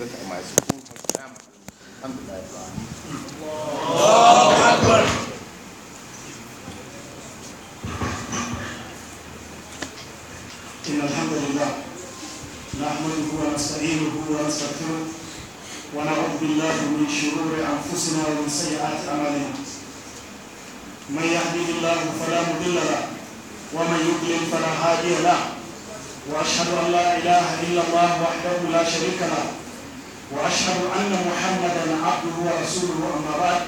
بدأ مع السكون الحمد لله رب العالمين الله أكبر إن الحمد لله نحمده ونستعينه ونستغفره ونعوذ بالله من شرور أنفسنا ومن سيئات أعمالنا من يهده الله فلا مضل له ومن يضلل فلا هادي له واشهد ان لا اله الا الله وحده لا شريك له وأشهد أن محمدا عبده ورسوله أما بعد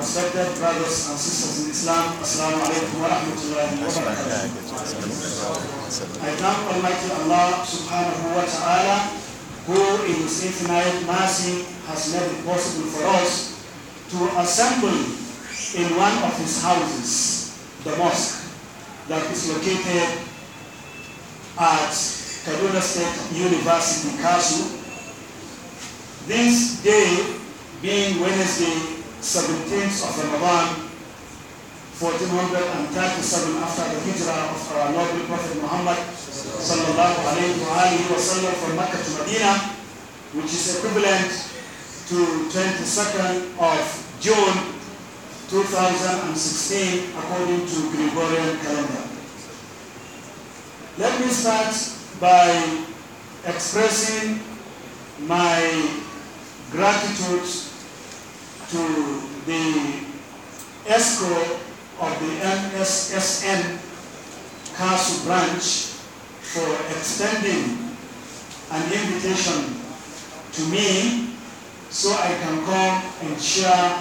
Respected brothers and sisters in Islam, Assalamu alaikum wa rahmatullahi wa barakatuh. I thank Almighty Allah subhanahu wa ta'ala who in His infinite mercy has made it possible for us to assemble in one of His houses, the mosque, that is located at Kaduna State University, Kasu, this day being Wednesday, 17th of Ramadan, 1437 after the hijrah of our noble Prophet Muhammad sallallahu alayhi wa wa sallam from Mecca to Medina, which is equivalent to 22nd of June 2016 according to Gregorian calendar. Let me start by expressing my gratitude to the escrow of the MSSN Kasu branch for extending an invitation to me so I can come and share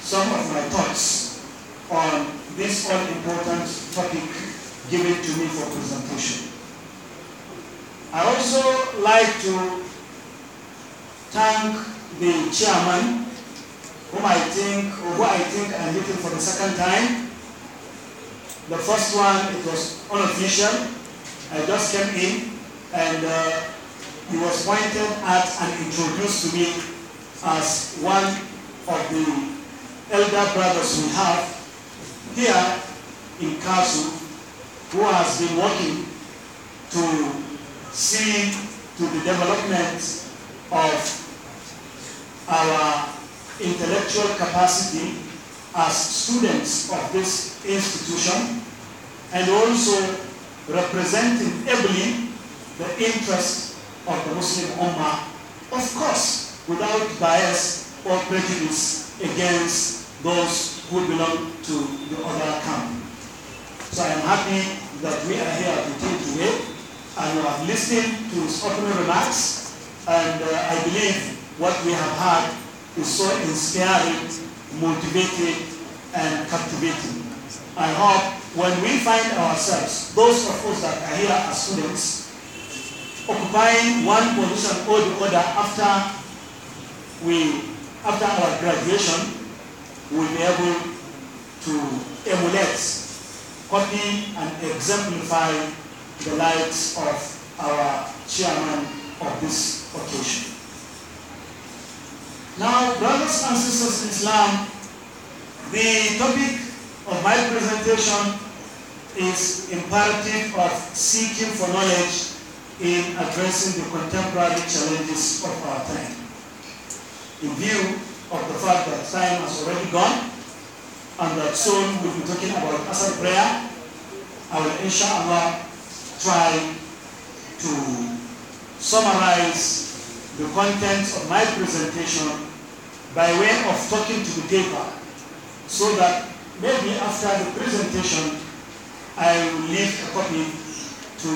some of my thoughts on this all-important topic given to me for presentation. I also like to thank the chairman, whom I think, or who I think I'm meeting for the second time. The first one, it was unofficial. I just came in and uh, he was pointed at and introduced to me as one of the elder brothers we have here in Kasu who has been working to see to the development of our intellectual capacity as students of this institution and also representing ably the interest of the Muslim Ummah, of course, without bias or prejudice against those who belong to the other camp. So I am happy that we are here today today and you have listened to his opening remarks and uh, I believe what we have had is so inspiring, motivating, and captivating. I hope when we find ourselves, those of us that are here as students, occupying one position or the other after we after our graduation, we'll be able to emulate, copy and exemplify the likes of our chairman of this occasion. Now, brothers and sisters in Islam, the topic of my presentation is imperative of seeking for knowledge in addressing the contemporary challenges of our time. In view of the fact that time has already gone and that soon we'll be talking about Asad prayer, I will inshallah try to summarize the contents of my presentation by way of talking to the paper so that maybe after the presentation I will leave a copy to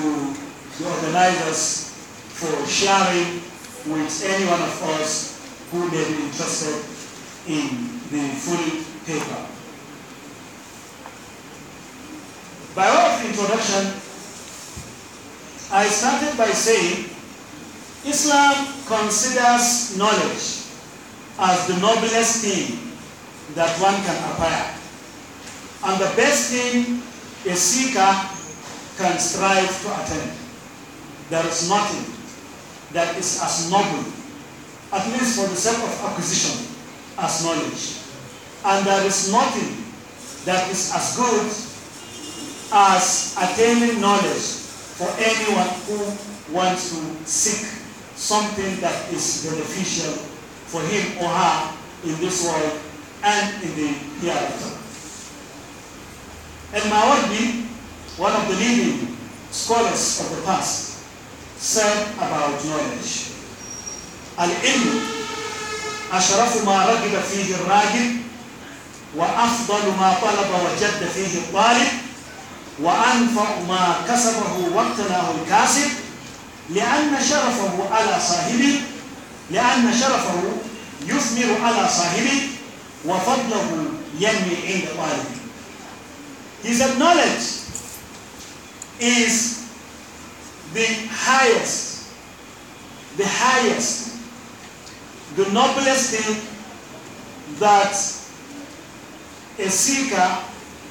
the organizers for sharing with any one of us who may be interested in the full paper. By way of introduction, I started by saying Islam considers knowledge as the noblest thing that one can acquire. And the best thing a seeker can strive to attain. There is nothing that is as noble, at least for the sake of acquisition, as knowledge. And there is nothing that is as good as attaining knowledge for anyone who wants to seek something that is beneficial for him or her in this world and in the hereafter. And Mawardi, one of the leading scholars of the past, said about knowledge, العلم أشرف ما رغب فيه الراغب وأفضل ما طلب وجد فيه الطالب وأنفع ما كسبه واقتناه الكاسب لأن شرفه على صاحبه لأن شرفه يثمر على صاحبه وفضله ينمي عند His knowledge is the highest, the highest, the noblest thing that a seeker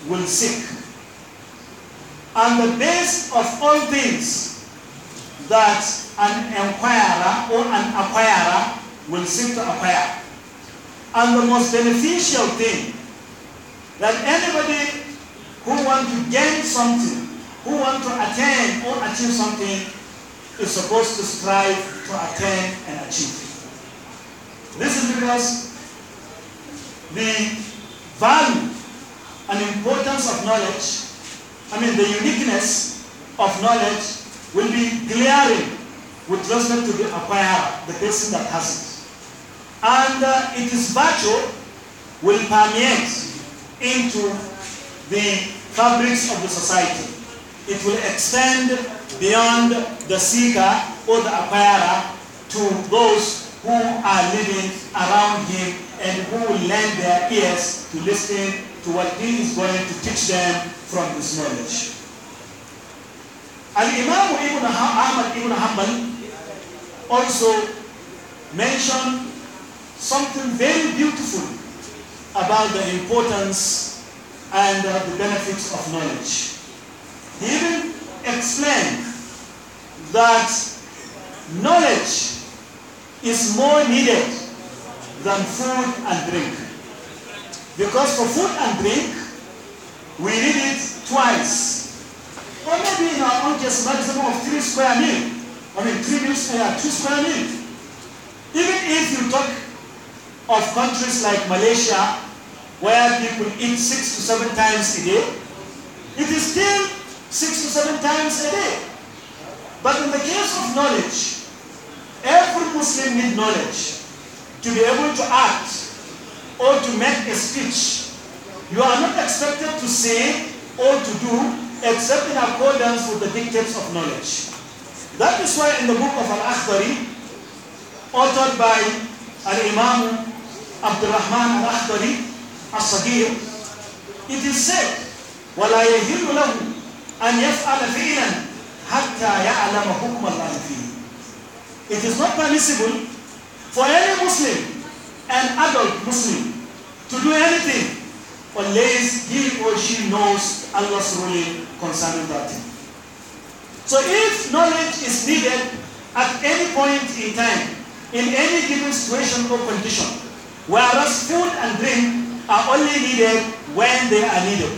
will seek. And the best of all things that an inquirer or an acquirer will seek to acquire. And the most beneficial thing that anybody who want to gain something, who want to attain or achieve something, is supposed to strive to attain and achieve. This is because the value and importance of knowledge, I mean the uniqueness of knowledge will be glaring with respect to the acquirer, the person that has it. And uh, its virtue will permeate into the fabrics of the society. It will extend beyond the seeker or the acquirer to those who are living around him and who will lend their ears to listen to what he is going to teach them from this knowledge. And Imam Ibn Ahmad Ibn Hanbal also mentioned something very beautiful about the importance and uh, the benefits of knowledge. He even explained that knowledge is more needed than food and drink. Because for food and drink, we need it twice or maybe in our own case maximum of three square meal. I mean, three meals, uh, two square meal. Even if you talk of countries like Malaysia, where people eat six to seven times a day, it is still six to seven times a day. But in the case of knowledge, every Muslim needs knowledge to be able to act or to make a speech. You are not expected to say or to do except in accordance with the dictates of knowledge. That is why in the book of Al-Akhdari, authored by Al-Imam Abdul Rahman Al-Akhdari, As-Sagir, it is said, وَلَا يَهِلُّ لَهُ أَنْ يَفْعَلَ فِعْلًا حَتَّى يَعْلَمَ حُكْمَ اللَّهِ فِيهِ It is not permissible for any Muslim, an adult Muslim, to do anything unless he or she knows Allah's ruling concerning that thing. So if knowledge is needed at any point in time, in any given situation or condition, whereas food and drink are only needed when they are needed,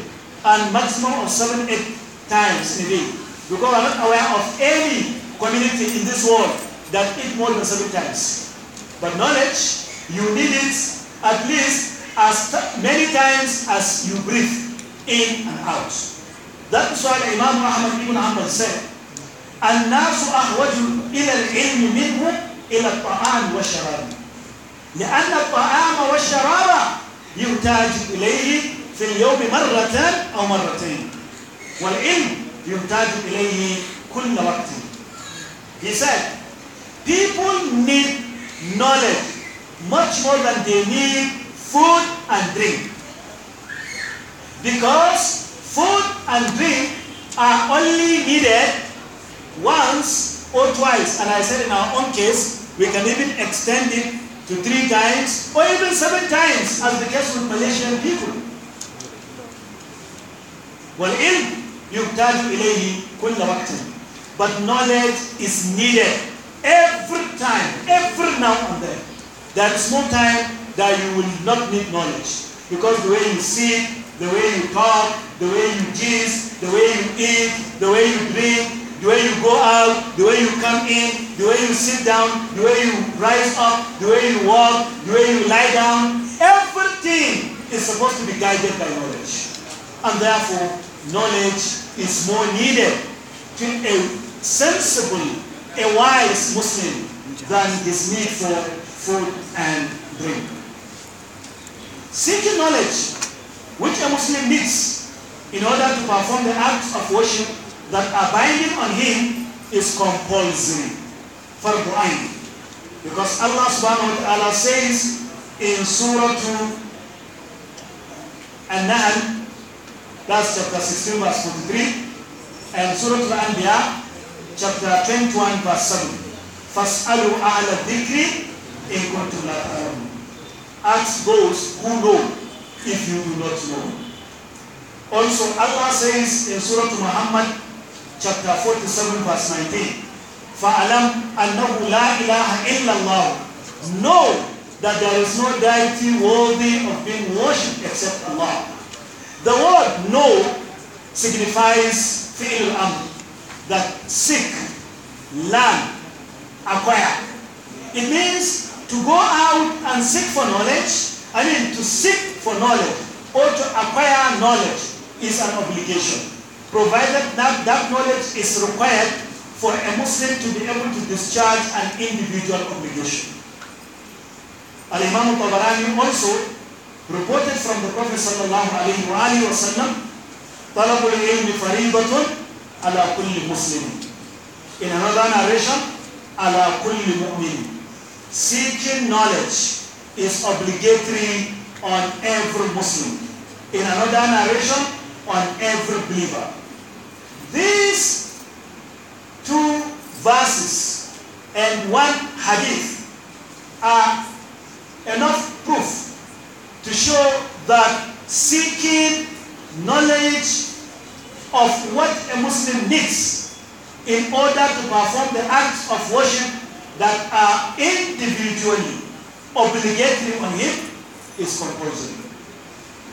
and maximum of seven, eight times a day. Because we are not aware of any community in this world that eat more than seven times. But knowledge, you need it at least as many times as you breathe in and out. ده سؤال الإمام أحمد بن عبد سام الناس أحوج إلى العلم منه إلى الطعام والشراب لأن الطعام والشراب يحتاج إليه في اليوم مرة أو مرتين والعلم يحتاج إليه كل وقت He said, people need knowledge much more than they need food and drink. Because Food and drink are only needed once or twice. And I said in our own case, we can even extend it to three times or even seven times as the case with Malaysian people. والعلم يحتاج إليه كل وقت but knowledge is needed every time every now and then there is no time that you will not need knowledge because the way you see the way you talk, the way you kiss, the way you eat, the way you drink, the way you go out, the way you come in, the way you sit down, the way you rise up, the way you walk, the way you lie down. Everything is supposed to be guided by knowledge. And therefore, knowledge is more needed to a sensible, a wise Muslim than his need for food and drink. Seeking knowledge which a Muslim needs in order to perform the acts of worship that are binding on him is compulsory. for blind, Because Allah subhanahu wa ta'ala says in Surah and then that's chapter 16 verse 43, and Surah Al-Anbiya, chapter 21 verse 7. فَاسْأَلُوا Allah الذِّكْرِ in كُنْتُمْ لَا Ask those who know if you do not know. Also, Allah says in Surah Muhammad, chapter 47, verse 19, فَأَلَمْ أَنَّهُ لَا إِلَهَ إِلَّا اللَّهُ Know that there is no deity worthy of being worshipped except Allah. The word know signifies fi'il amr, that seek, learn, acquire. It means to go out and seek for knowledge, I mean, to seek for knowledge or to acquire knowledge is an obligation, provided that that knowledge is required for a Muslim to be able to discharge an individual obligation. Al-Imam Tabarani also reported from the Prophet sallallahu alaihi wasallam, طلب العلم فريضة على كل مسلم In another narration, على كل مؤمن Seeking knowledge is obligatory on every Muslim. In another narration, on every believer. These two verses and one hadith are enough proof to show that seeking knowledge of what a Muslim needs in order to perform the acts of worship that are individually obligate him on him is compulsory.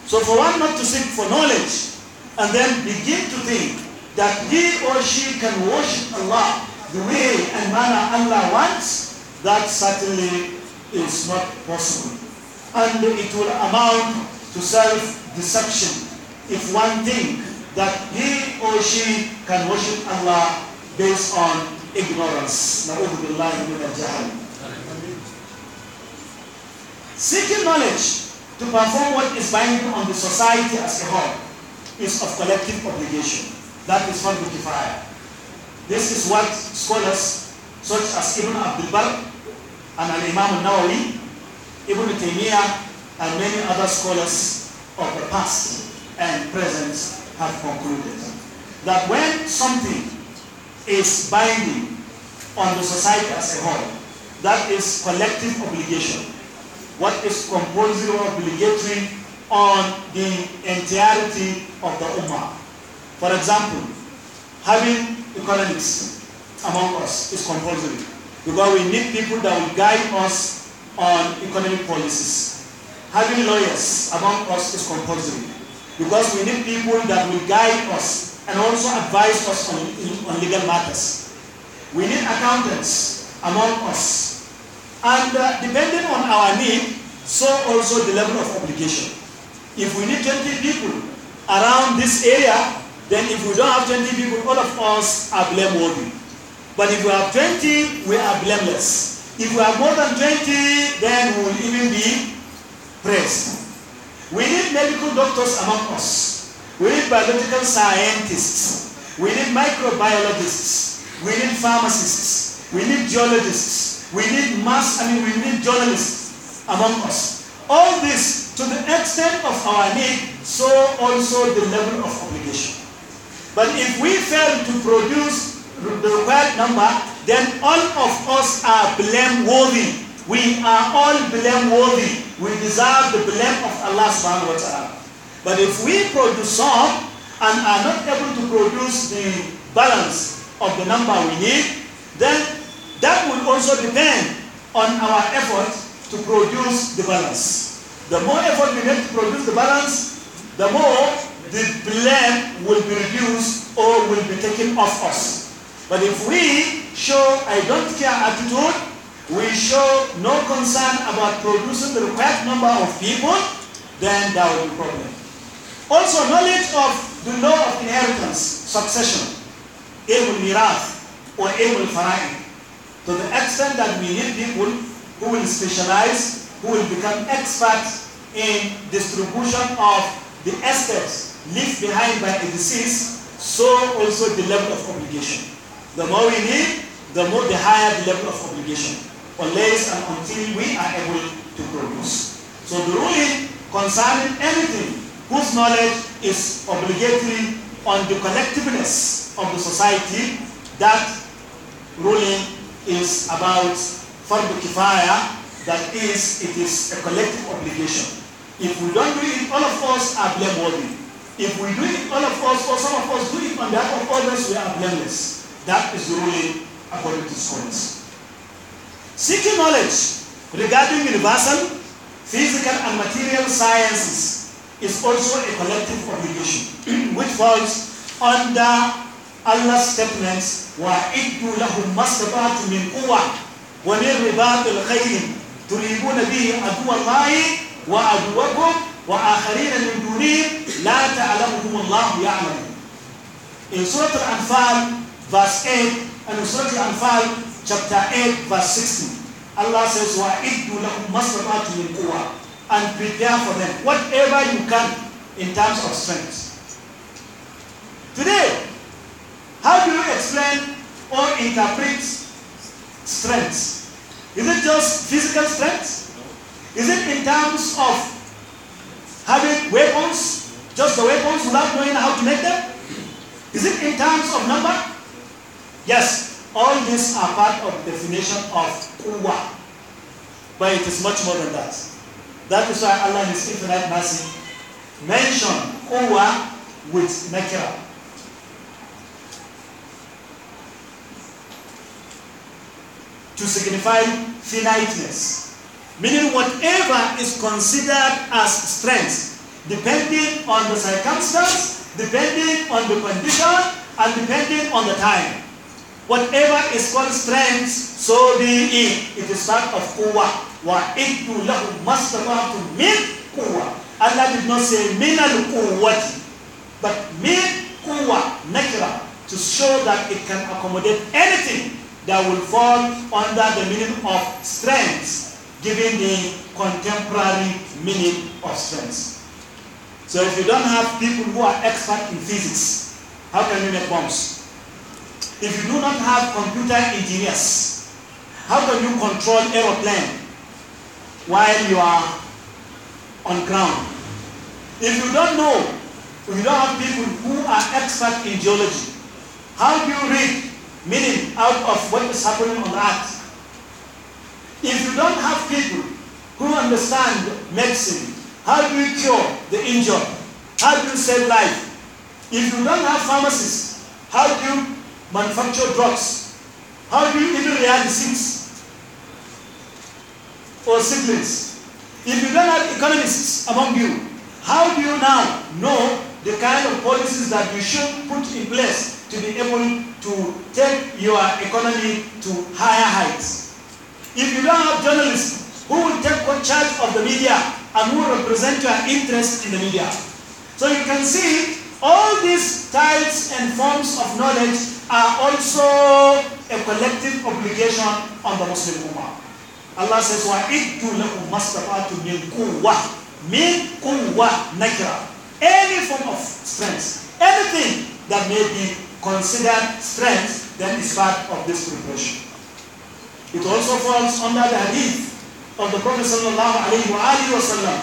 So for one not to seek for knowledge and then begin to think that he or she can worship Allah the way and manner Allah wants, that certainly is not possible. And it will amount to self-deception if one think that he or she can worship Allah based on ignorance. Seeking knowledge to perform what is binding on the society as a whole is of collective obligation. That is we Kifaya. This is what scholars such as Ibn Abdul Bar and Al Imam Nawawi, Ibn Taymiyyah, and many other scholars of the past and present have concluded. That when something is binding on the society as a whole, that is collective obligation what is compulsory or obligatory on the entirety of the Ummah. For example, having economics among us is compulsory because we need people that will guide us on economic policies. Having lawyers among us is compulsory because we need people that will guide us and also advise us on, on legal matters. We need accountants among us and uh, depending on our need, so also the level of obligation. If we need 20 people around this area, then if we don't have 20 people, all of us are blameworthy. But if we have 20, we are blameless. If we have more than 20, then we will even be praised. We need medical doctors among us. We need biological scientists. We need microbiologists. We need pharmacists. We need geologists. We need mass, I mean, we need journalists among us. All this to the extent of our need, so also the level of obligation. But if we fail to produce the required number, then all of us are blameworthy. We are all blameworthy. We deserve the blame of Allah subhanahu wa ta'ala. But if we produce some and are not able to produce the balance of the number we need, then that will also depend on our effort to produce the balance. The more effort we make to produce the balance, the more the blame will be reduced or will be taken off us. But if we show I don't care attitude, we show no concern about producing the required number of people, then there will be problem. Also, knowledge of the law of inheritance, succession, ilm mirath or ilm fara'id to the extent that we need people who will specialize, who will become experts in distribution of the assets left behind by a disease, so also the level of obligation. The more we need, the more the higher the level of obligation, unless and until we are able to produce. So the ruling concerning anything whose knowledge is obligatory on the collectiveness of the society, that ruling is about fardu kifaya, that is, it is a collective obligation. If we don't do it, all of us are blameworthy. If we do it, all of us, or some of us do it on behalf of others, we are blameless. That is the ruling according to scholars. Seeking knowledge regarding universal, physical, and material sciences is also a collective obligation, which falls under الله statements وَأَعِدُّوا لَهُمْ مَا اسْتَطَعْتُمْ مِنْ قُوَّةٍ وَمِنْ رِبَاطِ الْخَيْلِ تُرْهِبُونَ بِهِ عَدُوَّ اللَّهِ وَعَدُوَّكُمْ وآخرين من دونهم لا تعلمهم الله يعلم. In Surah Al-Anfal verse 8 and in Surah Al-Anfal chapter 8 verse 16 Allah says وَأَعِدُّوا لَهُمْ مَا اسْتَطَعْتُمْ مِنْ قُوَّةٍ and prepare for them whatever you can in terms of strength. Today, How do you explain or interpret strength? Is it just physical strength? Is it in terms of having weapons, just the weapons without knowing how to make them? Is it in terms of number? Yes, all these are part of definition of kuwa, But it is much more than that. That is why Allah in His infinite mercy mentioned quwa with nakira. to signify finiteness, meaning whatever is considered as strength, depending on the circumstance, depending on the condition, and depending on the time. Whatever is called strength, so be it. It is part of kuwa. وَإِدُّ لَهُمْ to مِنْ kuwa. Allah did not say min al but min kuwa, natural to show that it can accommodate anything that will fall under the meaning of strength, given the contemporary meaning of strength. So if you don't have people who are expert in physics, how can you make bombs? If you do not have computer engineers, how can you control aeroplane while you are on ground? If you don't know, if you don't have people who are expert in geology, how do you read Meaning, out of what is happening on earth. If you don't have people who understand medicine, how do you cure the injured? How do you save life? If you don't have pharmacists, how do you manufacture drugs? How do you even react disease or siblings? If you don't have economists among you, how do you now know the kind of policies that you should put in place to be able to take your economy to higher heights. If you don't have journalists who will take charge of the media and who will represent your interest in the media. So you can see all these types and forms of knowledge are also a collective obligation on the Muslim Ummah. Allah says, وَإِدُّ min مَسْتَفَاتُ مِنْ قُوَّةٍ مِنْ قُوَّةٍ نَكِرًا any form of strength, anything that may be considered strength, then is part of this preparation. It also falls under the hadith of the Prophet وسلم,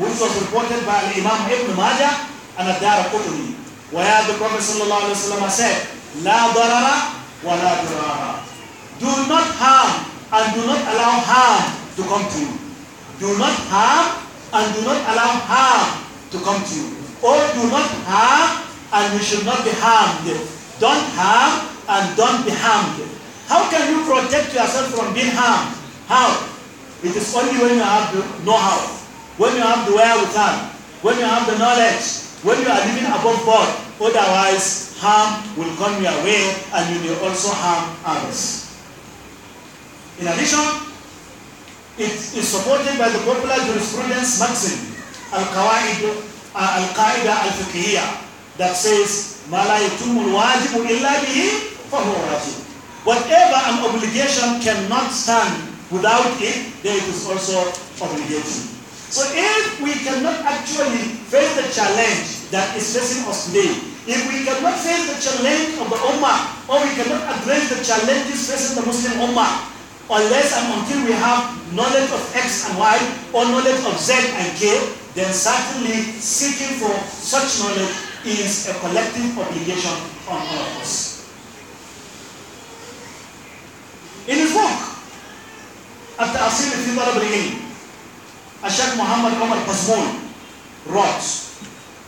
which was reported by Imam Ibn Majah and Adar Qutni, where the Prophet وسلم, said, La darara wa la darara. Do not harm and do not allow harm to come to you. Do not harm and do not allow harm to come to you or do not harm and you should not be harmed. Don't harm and don't be harmed. How can you protect yourself from being harmed? How? It is only when you have the know-how, when you have the wherewithal, when you have the knowledge, when you are living above board. Otherwise, harm will come your way and you may also harm others. In addition, it is supported by the popular jurisprudence maxim, al kawaid uh, al Qaeda al-fiqhiyya that says ma la wajibu illa bihi fahuwa wajib. Whatever an obligation cannot stand without it, then it is also obligation. So if we cannot actually face the challenge that is facing us today, if we cannot face the challenge of the Ummah, or we cannot address the challenges facing the Muslim Ummah, unless and until we have knowledge of X and Y, or knowledge of Z and K, then certainly seeking for such knowledge is a collective obligation on all of us. In his work, after Asir في طلب العلم الشيخ محمد عمر قزمون wrote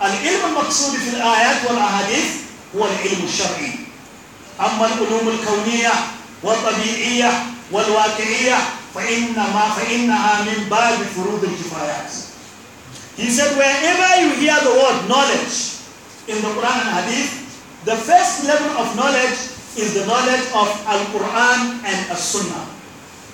العلم المقصود في الآيات والأحاديث هو العلم الشرعي أما العلوم الكونية والطبيعية والواقعية فإنما فإنها من باب فروض الكفايات He said, wherever you hear the word knowledge in the Quran and Hadith, the first level of knowledge is the knowledge of Al Quran and As Sunnah,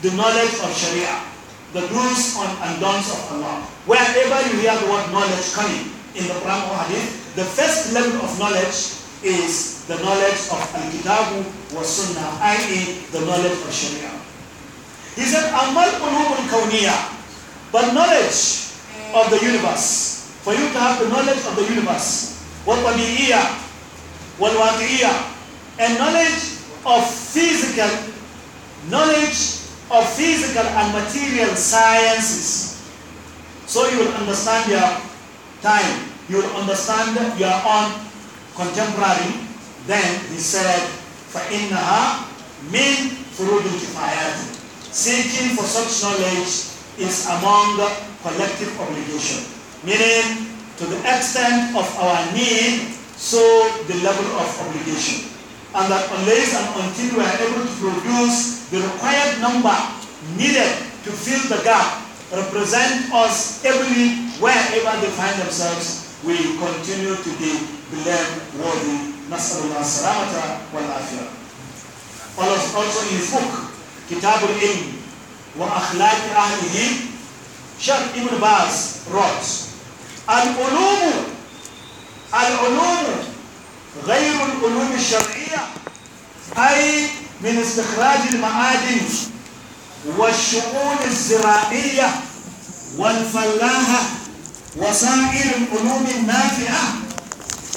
the knowledge of Sharia, the do's and don'ts of Allah. Wherever you hear the word knowledge coming in the Quran or Hadith, the first level of knowledge is the knowledge of Al-Kitabu wa Sunnah, i.e. the knowledge of Sharia. He said, Amal qulubul kawniya, but knowledge of the universe. For you to have the knowledge of the universe. والطبيعية here, and knowledge of physical knowledge of physical and material sciences so you will understand your time you will understand your own contemporary then he said فإنها من فروض الكفايات seeking for such knowledge is among collective obligation, meaning to the extent of our need, so the level of obligation. And that unless and until we are able to produce the required number needed to fill the gap, represent us every wherever they find themselves, we continue to be worthy. Nas'alullah salamata wal afiyah. Also in his book, Kitab al-Ilm wa akhlaq ahlihi Sheikh ابن باز روت العلوم العلوم غير العلوم الشرعية أي من استخراج المعادن والشؤون الزراعية والفلاحة وسائر العلوم النافعة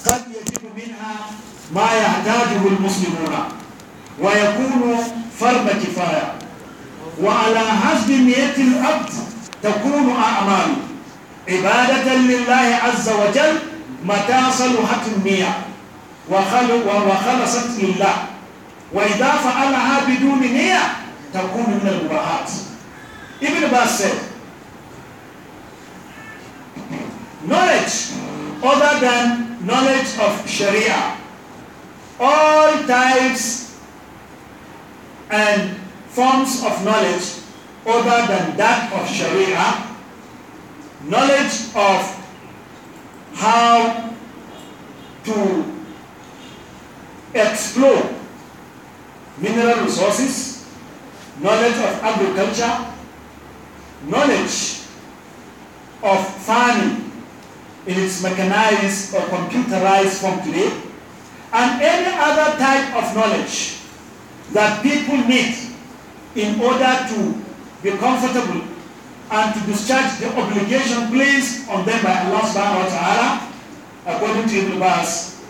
قد يجد منها ما يحتاجه المسلمون ويكون فرض كفاية وعلى حسب نية العبد تكون أعمال عبادة لله عز وجل متى صلحت النية وخلصت لله وإذا فعلها بدون نية تكون من المباحات ابن باس said knowledge other than knowledge of Sharia all types and forms of knowledge other than that of Sharia, knowledge of how to explore mineral resources, knowledge of agriculture, knowledge of farming in its mechanized or computerized form today, and any other type of knowledge that people need in order to be comfortable, and to discharge the obligation placed on them by Allah subhanahu wa ta'ala according to Ibn Bas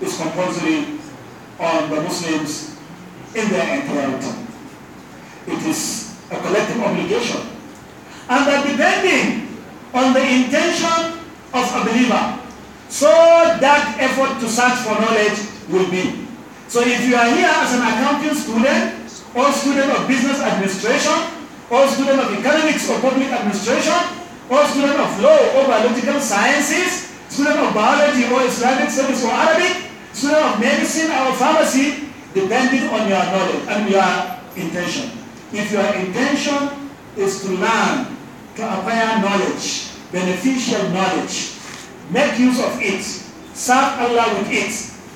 is compulsory on the Muslims in their entirety. It is a collective obligation. And that depending on the intention of a believer, so that effort to search for knowledge will be. So if you are here as an accounting student or student of business administration, or student of economics or public administration, or student of law or biological sciences, student of biology or Islamic studies or Arabic, student of medicine or pharmacy, depending on your knowledge and your intention. If your intention is to learn, to acquire knowledge, beneficial knowledge, make use of it, serve Allah with it,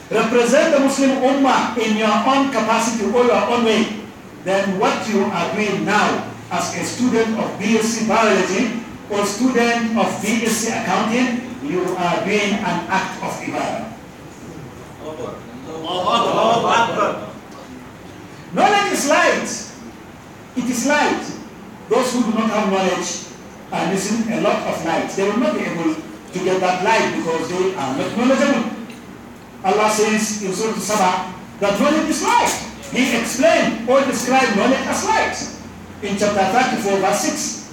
represent the Muslim Ummah in your own capacity or your own way, then what you are doing now as a student of BSc Biology or student of BSc Accounting, you are doing an act of ibadah. Knowledge is light. It is light. Those who do not have knowledge are missing a lot of light. They will not be able to get that light because they are not knowledgeable. Allah says in Surah Sabah that knowledge is light. He explained or described knowledge as light in chapter 34, verse 6.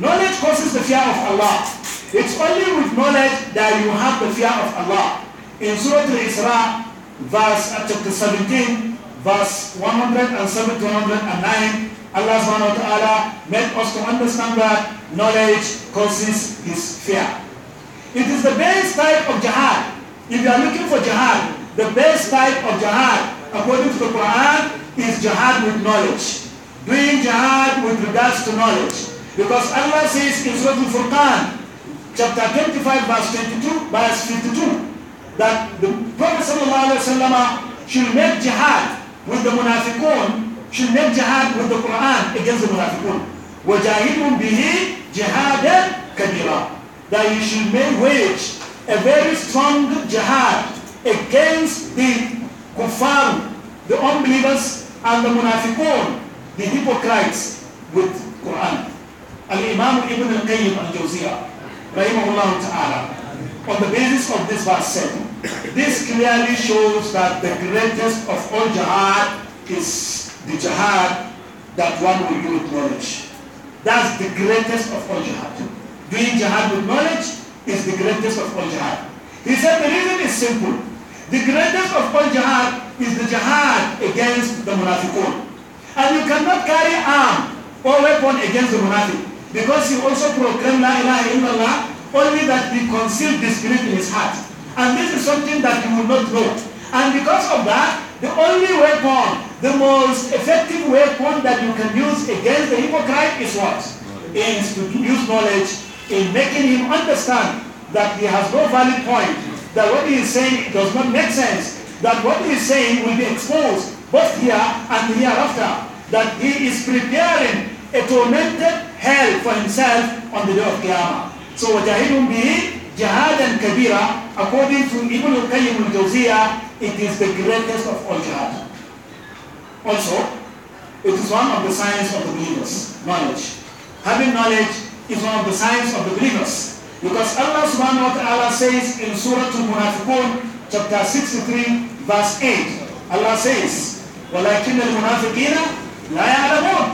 Knowledge causes the fear of Allah. It's only with knowledge that you have the fear of Allah. In Surah Al-Isra, verse uh, chapter 17, verse 107 to 109, Allah subhanahu wa ta'ala made us to understand that knowledge causes his fear. It is the best type of jihad. If you are looking for jihad, the best type of jihad, according to the Quran, is jihad with knowledge doing jihad with regards to knowledge. Because Allah says in Surah Al-Furqan, chapter 25, verse 22, verse 52, that the Prophet ﷺ should make jihad with the munafiqun, should make jihad with the Quran against the munafiqun. وَجَاهِدٌ بِهِ جِهَادًا كَبِيرًا That you should make wage a very strong jihad against the kuffar, the unbelievers, and the munafiqun, the hypocrites with Quran. Al-Imam Ibn al-Qayyim al-Jawziyah, ta'ala, on the basis of this verse seven, this clearly shows that the greatest of all jihad is the jihad that one will do with knowledge. That's the greatest of all jihad. Doing jihad with knowledge is the greatest of all jihad. He said the reason is simple. The greatest of all jihad is the jihad against the munafiqun. And you cannot carry arm or weapon against the monarchy because he also proclaimed La ilaha illallah, only that he concealed spirit in his heart. And this is something that you will not know. And because of that, the only weapon, the most effective weapon that you can use against the hypocrite is what? Is to use knowledge in making him understand that he has no valid point, that what he is saying does not make sense, that what he is saying will be exposed, both here and hereafter, that he is preparing a tormented hell for himself on the day of Qiyamah. So وَجَاهِدٌ بِهِ جِهَادًا كَبِيرًا According to Ibn al-Qayyim al-Jawziyah, it is the greatest of all jihad. Also, it is one of the signs of the believers, knowledge. Having knowledge is one of the signs of the believers. Because Allah subhanahu wa ta'ala says in Surah Al-Munafiqun, chapter 63, verse 8, Allah says, وَلَكِنَّ الْمُنَافِقِينَ لَا يَعْلَمُونَ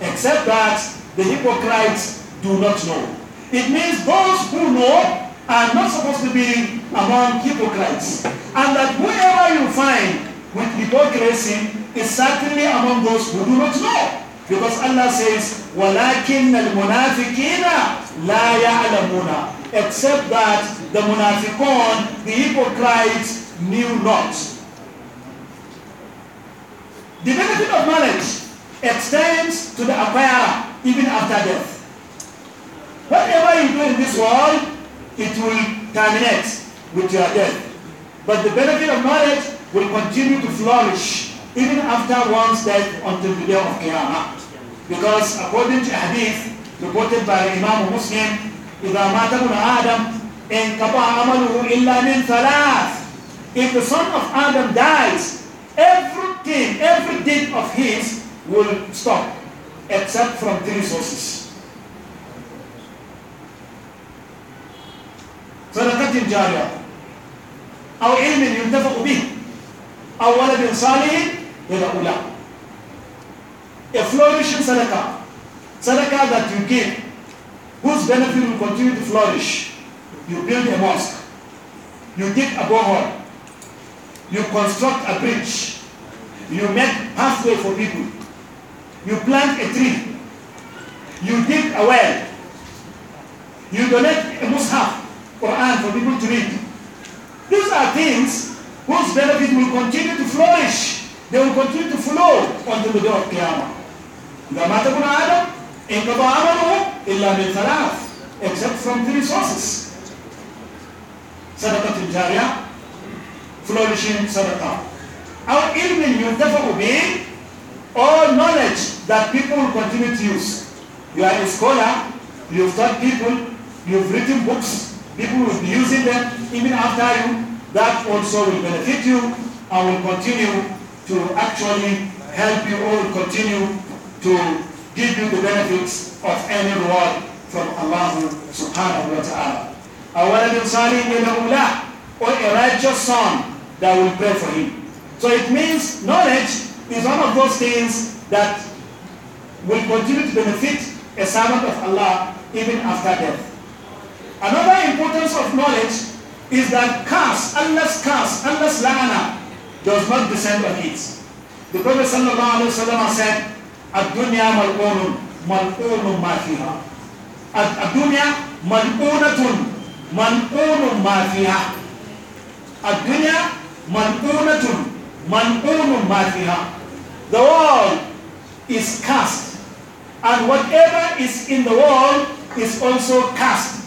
Except that the hypocrites do not know. It means those who know are not supposed to be among hypocrites. And that whoever you find with hypocrisy is certainly among those who do not know. Because Allah says, وَلَكِنَّ الْمُنَافِقِينَ لَا يَعْلَمُونَ Except that the munafiqun, the hypocrites, knew not. The benefit of knowledge extends to the acquirer even after death. Whatever you do in this world, it will terminate with your death. But the benefit of knowledge will continue to flourish even after one's death until the day of Qiyamah. Because according to hadith reported by Imam Muslim, إِذَا مَاتَ ابْنُ آدَمْ إِنْ عَمَلُهُ إِلَّا مِنْ ثَلَاثٍ If the son of Adam dies, every every deed of his will stop, except from three sources. صدقة جارية أو علم ينتفق به أو ولد صالح يدعو له A flourishing sadaqah sadaqah that you give whose benefit will continue to flourish you build a mosque you dig a borehole you construct a bridge you make pathway for people. You plant a tree. You dig a well. You donate a mushaf, Quran, for people to read. These are things whose benefit will continue to flourish. They will continue to flow until the day of Qiyamah. إذا مات ابن آدم And عمله إلا من except from three sources. صدقة الجارية flourishing صدقة أو will ينتفع be all knowledge that people will continue to use. You are a scholar, you've taught people, you've written books, people will be using them even after you. That also will benefit you and will continue to actually help you all continue to give you the benefits of any reward from Allah subhanahu wa ta'ala. أولد صالح له لا or a righteous son that will pray for him. So it means knowledge is one of those things that will continue to benefit a servant of Allah even after death. Another importance of knowledge is that curse, Allah's curse, Allah's la'ana does not descend on it. The Prophet sallallahu said, الدنيا ملعون ملعون ما فيها الدنيا ملعونة ملعون ما فيها الدنيا ملعونة man'unun matiha. The world is cast, and whatever is in the world is also cast.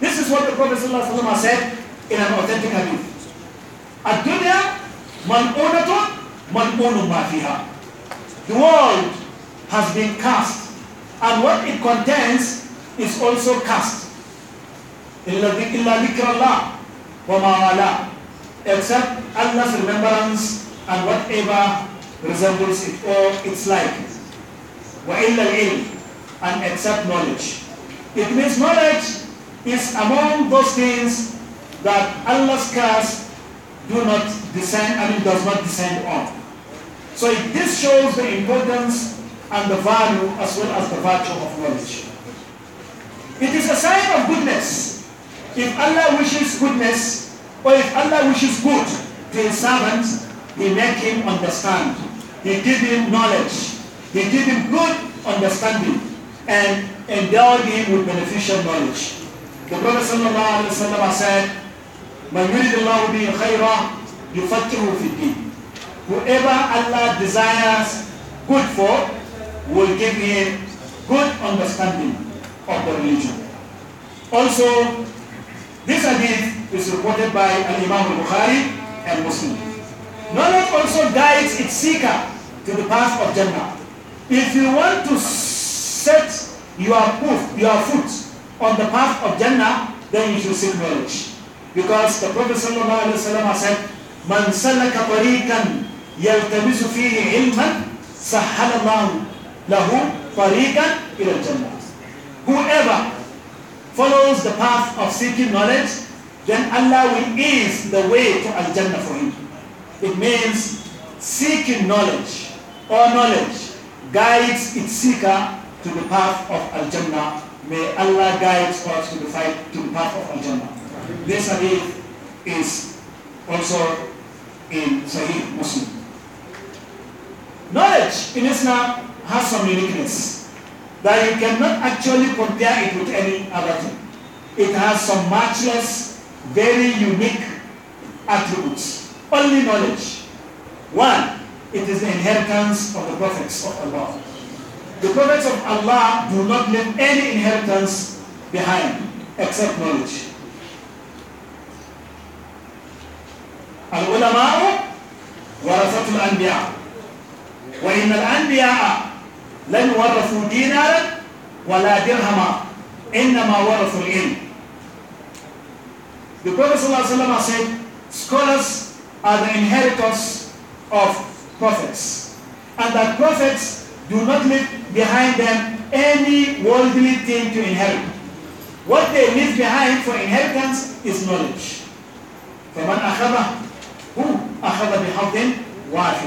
This is what the Prophet ﷺ said in an authentic hadith. Ad-dunya man'unatun man'unun ma The world has been cast, and what it contains is also cast. إِلَّا ذِكْرَ اللَّهِ وَمَا except Allah's remembrance and whatever resembles it or its like. وَإِلَّا الْعِلْمِ and except knowledge. It means knowledge is among those things that Allah's cars do not descend, I mean does not descend on. So this shows the importance and the value as well as the virtue of knowledge. It is a sign of goodness. If Allah wishes goodness, or if Allah wishes good to his servants, he make him understand. He give him knowledge. He give him good understanding and endowed him with beneficial knowledge. The Prophet ﷺ said, Man yuridillahu bi khayra yufattihu fi deen. Whoever Allah desires good for will give him good understanding of the religion. Also, this hadith is reported by an Imam al-Bukhari and Muslim. Knowledge also guides its seeker to the path of Jannah. If you want to set your, foot, your foot on the path of Jannah, then you should seek knowledge. Because the Prophet ﷺ said, من سلك طريقا يلتمس فيه علما سهل الله له طريقا إلى Whoever follows the path of seeking knowledge, then Allah will ease the way to Al Jannah for him. It means seeking knowledge or knowledge guides its seeker to the path of Al Jannah. May Allah guide us to the fight to the path of Al Jannah. This hadith is also in Sahih Muslim. Knowledge in Islam has some uniqueness that you cannot actually compare it with any other thing. It has some matchless very unique attributes. Only knowledge. One, it is the inheritance of the prophets of Allah. The prophets of Allah do not leave any inheritance behind except knowledge. العلماء ورثة الأنبياء وإن الأنبياء لن ورثوا دينارا ولا درهما إنما ورثوا العلم The Prophet ﷺ said, scholars are the inheritors of prophets, and that prophets do not leave behind them any worldly thing to inherit. What they leave behind for inheritance is knowledge. فَمَنْ أَخَذَ Who أَخَذَ بِحَظٍ وَافٍ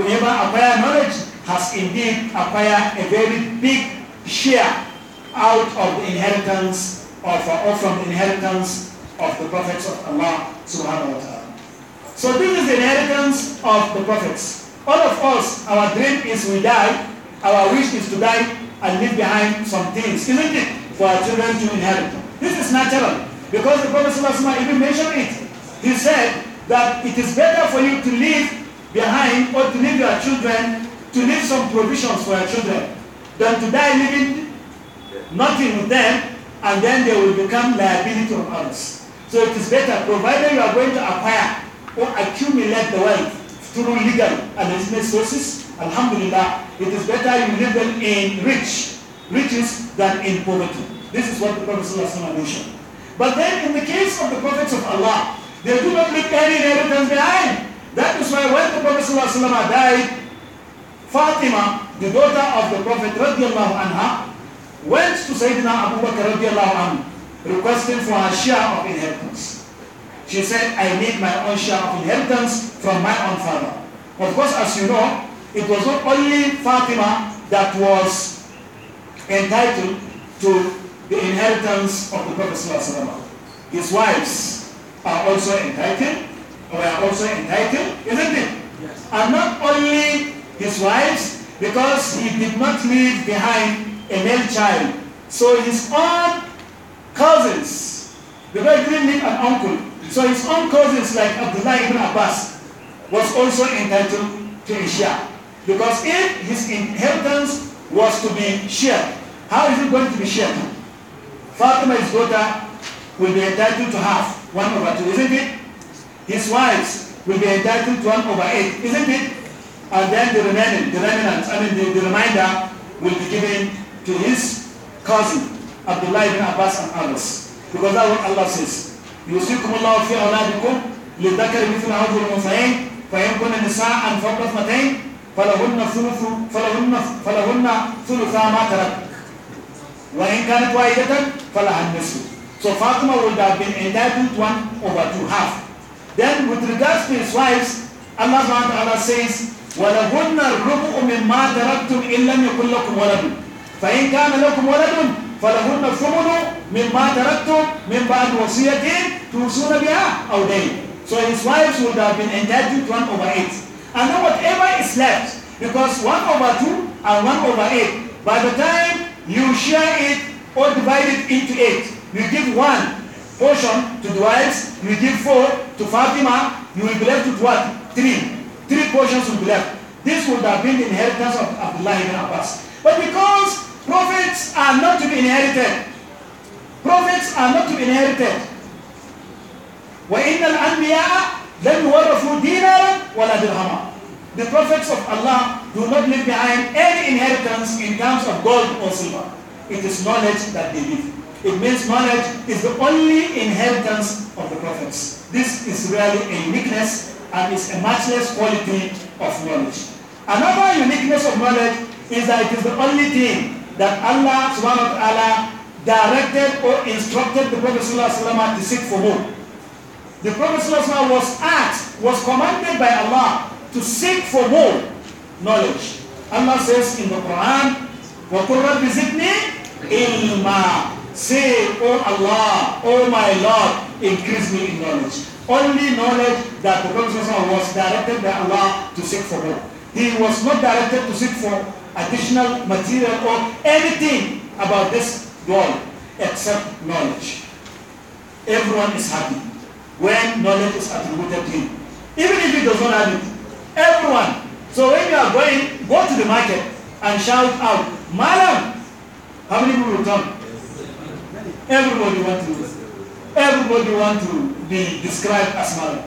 Whoever acquires knowledge has indeed acquired a very big share out of the inheritance or, or from the inheritance of the prophets of Allah subhanahu wa ta'ala. So this is the inheritance of the prophets. All of us, our dream is we die, our wish is to die and leave behind some things, isn't it? For our children to inherit. This is natural because the Prophet ﷺ even mentioned it. He said that it is better for you to leave behind or to leave your children, to leave some provisions for your children, than to die leaving nothing with them and then they will become liability of others. So it is better, provided you are going to acquire or accumulate the wealth through legal and legitimate sources, alhamdulillah, it is better you live them in rich riches than in poverty. This is what the Prophet mentioned. But then in the case of the prophets of Allah, they do not leave any inheritance behind. That is why when the Prophet died, Fatima, the daughter of the Prophet anha, went to Sayyidina Abu Bakr anhu requesting for her share of inheritance. She said, I need my own share of inheritance from my own father. Of course, as you know, it was not only Fatima that was entitled to the inheritance of the Prophet. His wives are also entitled, or are also entitled, isn't it? Yes. And not only his wives, because he did not leave behind a male child. So his own cousins. The guy didn't need an uncle. So his own cousins, like Abdullah ibn Abbas, was also entitled to a share. Because if his inheritance was to be shared, how is it going to be shared? Fatima, his daughter, will be entitled to half, 1 over 2, isn't it? His wives will be entitled to 1 over 8, isn't it? And then the remaining, the remnants, I mean the, the remainder will be given to his cousin. Abdullah ibn Abbas and others. Because that's what Allah says. يوصيكم الله في أولادكم للذكر مثل عوض الأنثيين فإن كن نساء فوق اثنتين فلهن ثلث فلهن فلهن ثلثا ما ترك وإن كانت واحدة فلها النصف. So Fatima would have been entitled one over two half. Then with regards to his wives, Allah subhanahu wa ta'ala says, وَلَهُنَّ الرُّبُعُ مِمَّا تَرَكْتُمْ إِلَّمْ لَكُمْ وَلَدٌ فَإِنْ كَانَ لَكُمْ وَلَدٌ فلهن الثمن مما تركتم من بعد وصية توصون بها أو دين. So his wives would have been entitled to one over eight. And then whatever is left, because one over two and one over eight, by the time you share it or divide it into eight, you give one portion to the wives, you give four to Fatima, you will be left with what? Three. Three portions will be left. This would have been the inheritance of Abdullah ibn Abbas. But because Prophets are not to be inherited. Prophets are not to be inherited. وَإِنَّ الْأَنْبِيَاءَ لَمْ يُوَرَثُوا دِينَارًا وَلَا دِرْهَمًا The prophets of Allah do not leave behind any inheritance in terms of gold or silver. It is knowledge that they leave. It means knowledge is the only inheritance of the prophets. This is really a uniqueness and is a matchless quality of knowledge. Another uniqueness of knowledge is that it is the only thing that Allah subhanahu wa ta'ala directed or instructed the Prophet sallallahu to seek for whom? The Prophet sallallahu was asked, was commanded by Allah to seek for more knowledge. Allah says in the Quran, وَقُرَّ بِزِدْنِي إِلْمَا Say, O oh Allah, O oh my Lord, increase me in knowledge. Only knowledge that the Prophet was directed by Allah to seek for more. He was not directed to seek for additional material or anything about this world except knowledge. Everyone is happy when knowledge is attributed to him. Even if he does not have it, everyone. So when you are going, go to the market and shout out, Madam! How many people will come? Everybody want to everybody want to be described as madam.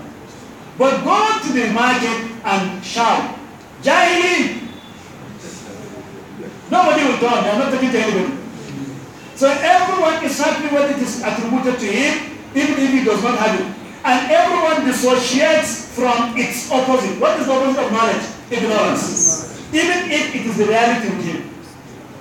But go to the market and shout, Jahili! Nobody will drown. They are not talking to anybody. So everyone is happy when it is attributed to him, even if he does not have it. And everyone dissociates from its opposite. What is the opposite of knowledge? Ignorance. Even if it is the reality with him.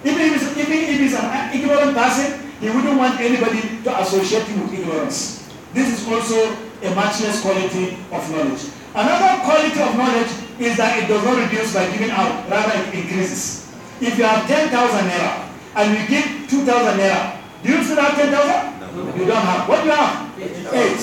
Even if it's, even if an ignorant person, he wouldn't want anybody to associate him with ignorance. This is also a matchless quality of knowledge. Another quality of knowledge is that it does not reduce by giving out, rather it increases. If you have 10,000 naira and you give 2,000 naira, do you still have 10,000? No. You don't have. What do you have? Eight.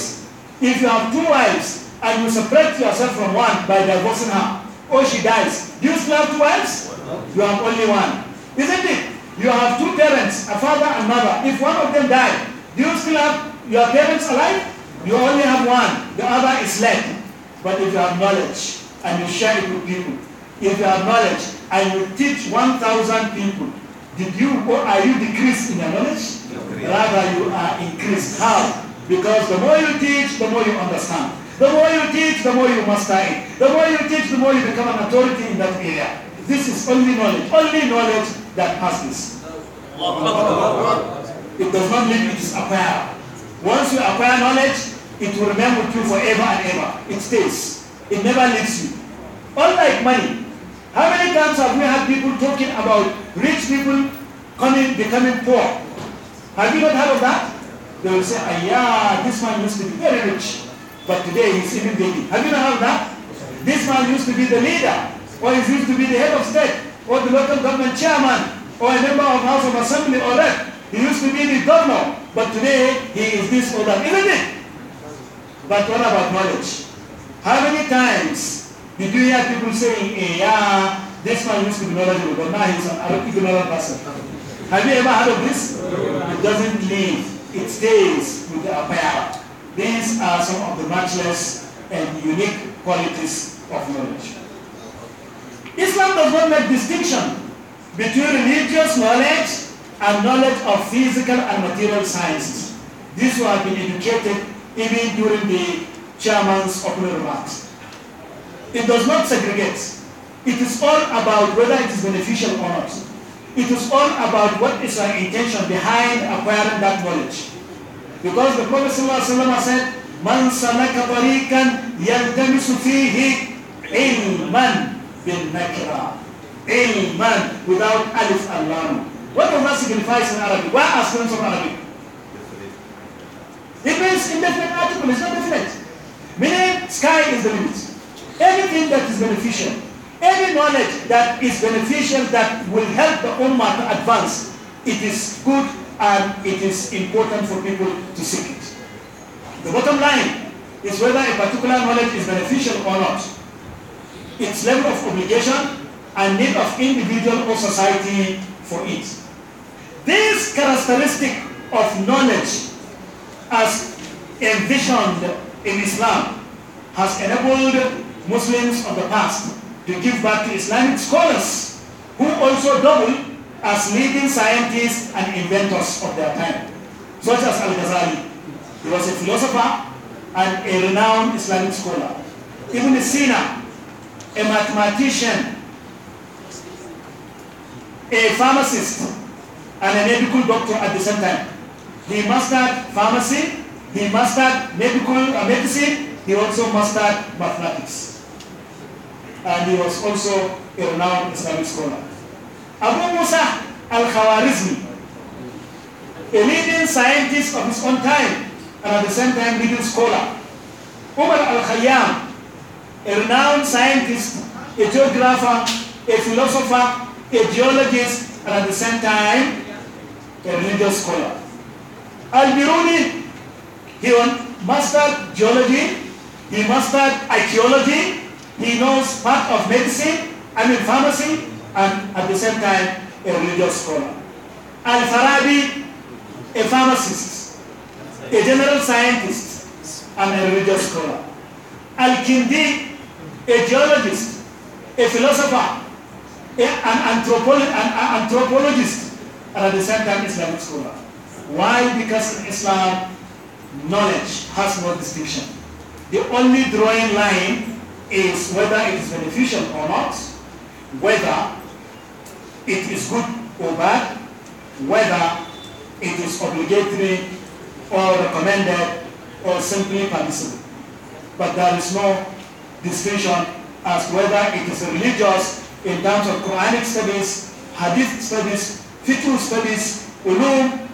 If you have two wives and you separate yourself from one by divorcing her, or she dies, do you still have two wives? You have only one. Isn't it? You have two parents, a father and mother. If one of them died, do you still have your parents alive? You only have one. The other is left. But if you have knowledge and you share it with people, if you have knowledge, I will teach 1,000 people. Did you or are you decreased in your knowledge? Rather, you are increased. How? Because the more you teach, the more you understand. The more you teach, the more you master it. The more you teach, the more you become an authority in that area. This is only knowledge. Only knowledge that passes. It does not mean it is acquired. Once you acquire knowledge, it will remain with you forever and ever. It stays. It never leaves you. Unlike money, how many times have we had people talking about rich people coming becoming poor? Have you not heard of that? They will say, ah, yeah, this man used to be very rich, but today he's even begging. Have you not heard that? This man used to be the leader, or he used to be the head of state, or the local government chairman, or a member of House of Assembly or that. He used to be the governor, but today he is this or that, isn't it? But what about knowledge? How many times you do hear people saying, hey, eh, yeah, that's why you used to be knowledgeable, but now he's an ignorant person. Have you ever heard of this? It doesn't leave, it stays with the apparel. These are some of the matchless and unique qualities of knowledge. Islam does not make distinction between religious knowledge and knowledge of physical and material sciences. These who have been educated even during the chairman's opening remarks. It does not segregate. It is all about whether it is beneficial or not. It is all about what is our intention behind acquiring that knowledge. Because the Prophet ﷺ said, من سلك طريقا يلتمس فيه علما بالنكرة علما without alif alam. What does that signify in Arabic? Why are students of Arabic? It means indefinite article, it's not definite. Meaning, sky is the limit. Anything that is beneficial, any knowledge that is beneficial that will help the Ummah to advance, it is good and it is important for people to seek it. The bottom line is whether a particular knowledge is beneficial or not. Its level of obligation and need of individual or society for it. This characteristic of knowledge as envisioned in Islam has enabled Muslims of the past to give back to Islamic scholars who also doubled as leading scientists and inventors of their time, such as Al-Ghazali. He was a philosopher and a renowned Islamic scholar. Ibn Sina, a mathematician, a pharmacist, and a medical doctor at the same time. He mastered pharmacy, he mastered medical uh, medicine, he also mastered mathematics and he was also a renowned Islamic scholar. Abu Musa al-Khwarizmi, a leading scientist of his own time, and at the same time leading scholar. Umar al-Khayyam, a renowned scientist, a geographer, a philosopher, a geologist, and at the same time, a religious scholar. Al-Biruni, he mastered geology, he mastered archaeology, he knows part of medicine, I mean pharmacy, and at the same time, a religious scholar. Al-Farabi, a pharmacist, a general scientist, and a religious scholar. Al-Kindi, a geologist, a philosopher, a, an, anthropolo an, an anthropologist, and at the same time, Islamic scholar. Why? Because in Islam, knowledge has no distinction. The only drawing line is whether it is beneficial or not, whether it is good or bad, whether it is obligatory or recommended or simply permissible. But there is no distinction as whether it is religious in terms of Quranic studies, Hadith studies, Fiqh studies, Ulum,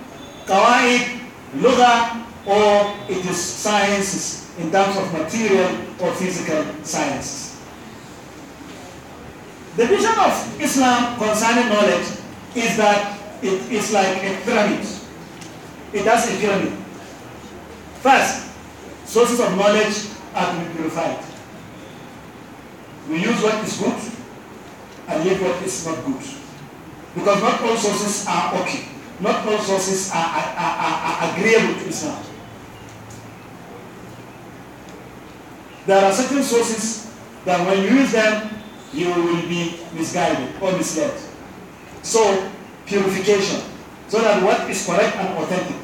Kawaid, Lugha, or it is sciences in terms of material or physical sciences. The vision of Islam concerning knowledge is that it is like a pyramid. It has a pyramid. First, sources of knowledge are to be purified. We use what is good and leave what is not good. Because not all sources are okay. Not all sources are, are, are, are agreeable to Islam. There are certain sources that when you use them, you will be misguided or misled. So, purification, so that what is correct and authentic.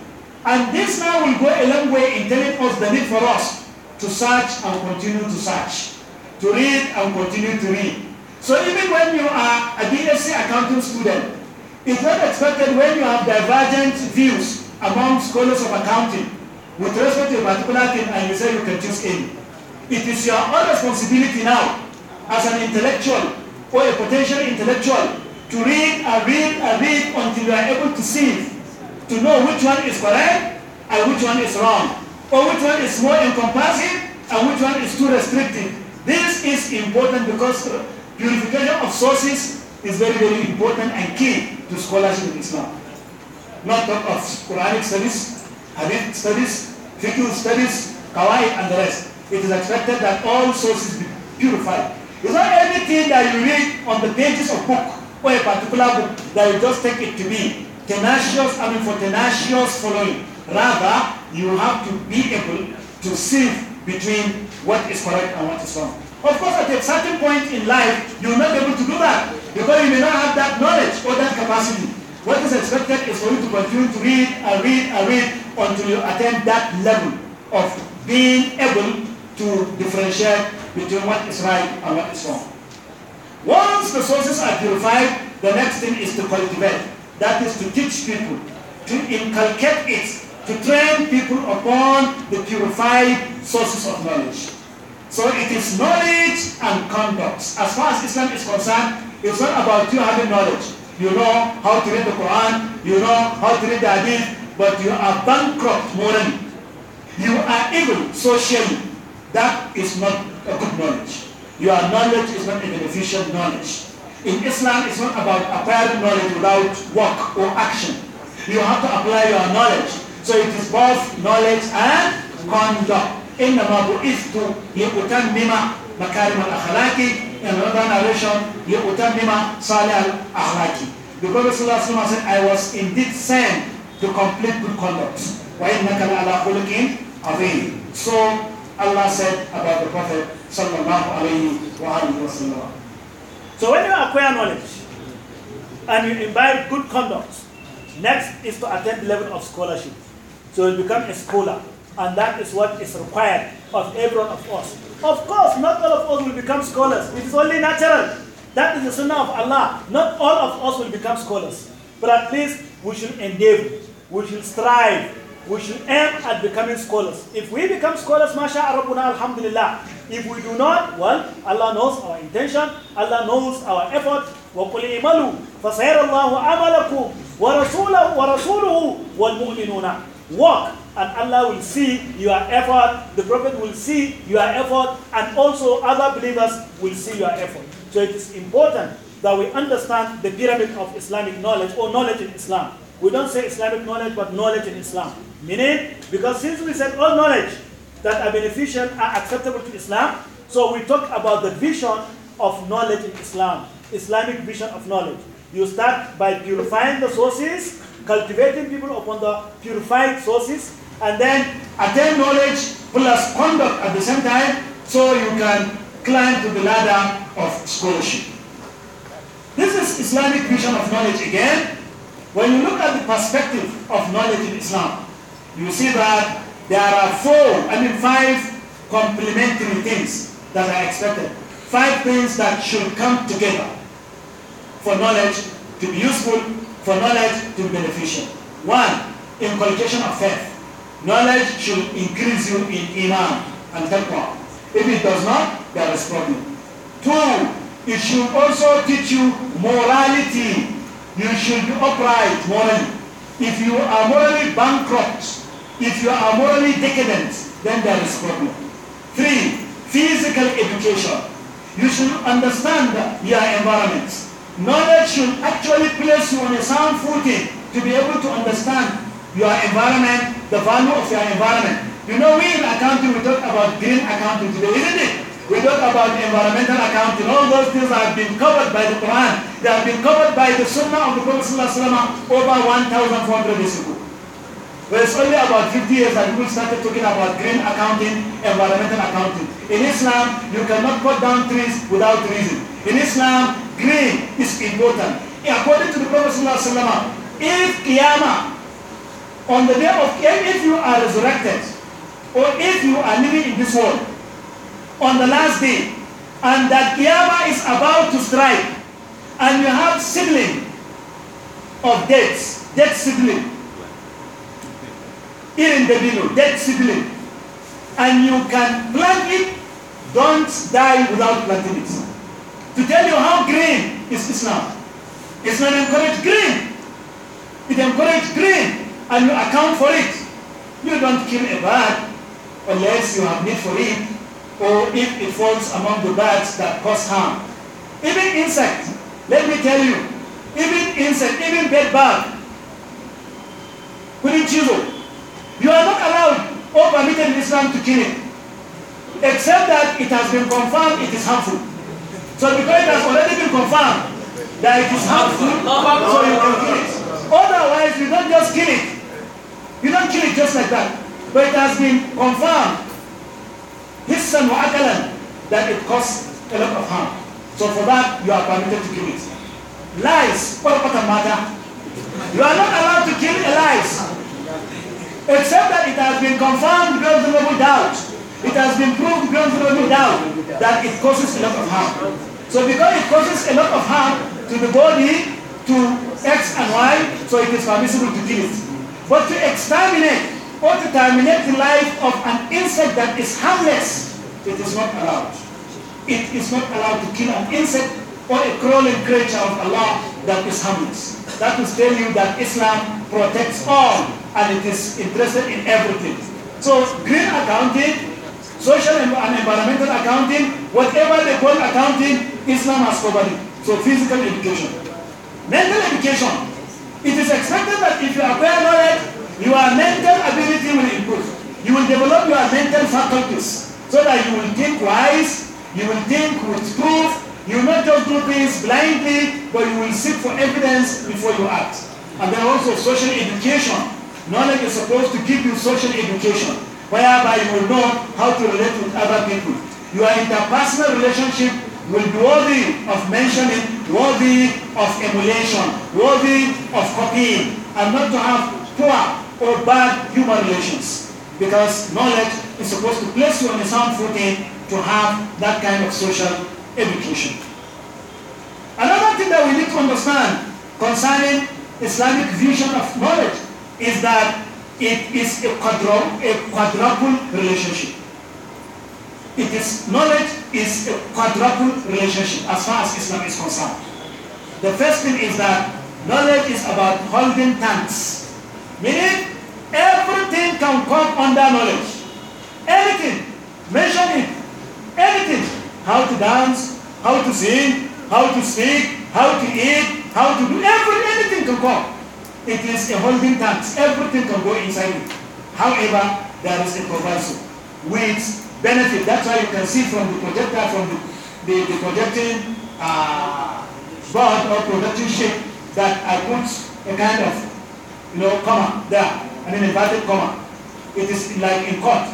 And this now will go a long way in telling us the need for us to search and continue to search, to read and continue to read. So even when you are a BSc accounting student, it's not expected when you have divergent views among scholars of accounting with respect to a particular thing and you say you can choose any. It is your own responsibility now, as an intellectual or a potential intellectual, to read and read and read until you are able to see, to know which one is correct and which one is wrong, or which one is more encompassing and which one is too restrictive. This is important because uh, purification of sources is very, very important and key to scholarship in Islam. Not talk of Quranic studies, Hadith studies, Fiqh studies, Kawaii and the rest it is expected that all sources be purified. It's not everything that you read on the pages of book or a particular book that you just take it to be tenacious, I mean for tenacious following. Rather, you have to be able to sieve between what is correct and what is wrong. Of course, at a certain point in life, you are not able to do that because you may not have that knowledge or that capacity. What is expected is for you to continue to read and read and read until you attain that level of being able to differentiate between what is right and what is wrong. Once the sources are purified, the next thing is to cultivate. That is to teach people, to inculcate it, to train people upon the purified sources of knowledge. So it is knowledge and conduct. As far as Islam is concerned, it's not about you having knowledge. You know how to read the Quran, you know how to read the Hadith, but you are bankrupt morally. You are evil socially. That is not a good knowledge. Your knowledge is not a beneficial knowledge. In Islam, it's not about acquiring knowledge without work or action. You have to apply your knowledge. So it is both knowledge and conduct. In the إنما mima makarim al الأخلاق in another narration لأتمم al الأخلاق The Prophet ﷺ said, I was indeed sent to complete good conduct. So Allah said about the Prophet sallallahu alayhi wa sallam. So when you acquire knowledge and you imbibe good conduct, next is to attain the level of scholarship. So you become a scholar, and that is what is required of every one of us. Of course, not all of us will become scholars. It is only natural. That is the sunnah of Allah. Not all of us will become scholars. But at least we should endeavor, we should strive we should aim at becoming scholars. If we become scholars, mashallah, Rabbuna, alhamdulillah. If we do not, well, Allah knows our intention, Allah knows our effort. وَقُلْ إِمَلُوا فَسَيَرَ اللَّهُ عَمَلَكُمْ وَرَسُولَهُ وَرَسُولُهُ وَالْمُؤْمِنُونَ Walk, and Allah will see your effort, the Prophet will see your effort, and also other believers will see your effort. So it is important that we understand the pyramid of Islamic knowledge or knowledge in Islam. We don't say Islamic knowledge, but knowledge in Islam. Meaning, because since we said all knowledge that are beneficial are acceptable to Islam, so we talk about the vision of knowledge in Islam, Islamic vision of knowledge. You start by purifying the sources, cultivating people upon the purified sources, and then attain knowledge plus conduct at the same time, so you can climb to the ladder of scholarship. This is Islamic vision of knowledge again, when you look at the perspective of knowledge in Islam, you see that there are four, I mean five complementary things that are expected. Five things that should come together for knowledge to be useful, for knowledge to be beneficial. One, inculcation of faith. Knowledge should increase you in iman and taqwa. If it does not, there is problem. Two, it should also teach you morality you should be upright morally. If you are morally bankrupt, if you are morally decadent, then there is problem. Three, physical education. You should understand your environment. Knowledge should actually place you on a sound footing to be able to understand your environment, the value of your environment. You know, we in accounting, we talk about green accounting today, isn't it? We talk about environmental accounting. All those things have been covered by the Quran. They have been covered by the Sunnah of the Prophet ﷺ over 1,400 years ago. But it's only about 50 years that people started talking about green accounting, environmental accounting. In Islam, you cannot cut down trees without reason. In Islam, green is important. According to the Prophet ﷺ, if Qiyamah, on the day of Qiyamah, if you are resurrected, or if you are living in this world, on the last day and that Qiyamah is about to strike and you have sibling of death, dead sibling, in the middle, dead sibling, and you can plant it, don't die without planting it. To tell you how green is Islam. It's not green. It encourages green and you account for it. You don't kill a bird unless you have need for it or if it falls among the birds that cause harm. Even insects, let me tell you, even insect, even bed bug, Kulichizo, you are not allowed or permitted in Islam to kill it, except that it has been confirmed it is harmful. So because it has already been confirmed that it is harmful, so you can kill it. Otherwise, you don't just kill it. You don't kill it just like that. But it has been confirmed حسا وأكلا that it causes a lot of harm. So for that, you are permitted to kill it. Lies, what about the matter? You are not allowed to kill lies. Except that it has been confirmed beyond reasonable doubt. It has been proved beyond reasonable doubt that it causes a lot of harm. So because it causes a lot of harm to the body, to X and Y, so it is permissible to kill it. But to exterminate or to terminate the life of an insect that is harmless, it is not allowed. It is not allowed to kill an insect or a crawling creature of Allah that is harmless. That will tell you that Islam protects all and it is interested in everything. So green accounting, social and environmental accounting, whatever they call accounting, Islam has covered it. So physical education. Mental education. It is expected that if you acquire knowledge, your mental ability will improve. You will develop your mental faculties so that you will think wise, you will think with proof, you will not just do things blindly, but you will seek for evidence before you act. And then also social education. Knowledge is supposed to give you social education, whereby you will know how to relate with other people. Your interpersonal relationship will be worthy of mentioning, worthy of emulation, worthy of copying, and not to have poor or bad human relations. Because knowledge is supposed to place you on a sound footing to have that kind of social education. Another thing that we need to understand concerning Islamic vision of knowledge is that it is a, quadru a quadruple relationship. It is knowledge is a quadruple relationship as far as Islam is concerned. The first thing is that knowledge is about holding tanks Meaning, everything can come under knowledge. Anything. Mention it. Anything. How to dance, how to sing, how to speak, how to eat, how to do every anything can come. It is a holding tax. Everything can go inside it. However, there is a proviso with benefit. That's why you can see from the projector, from the, the, the projecting uh, board or projecting shape that I put a kind of you know, comma there, and then inverted comma. It is like in court.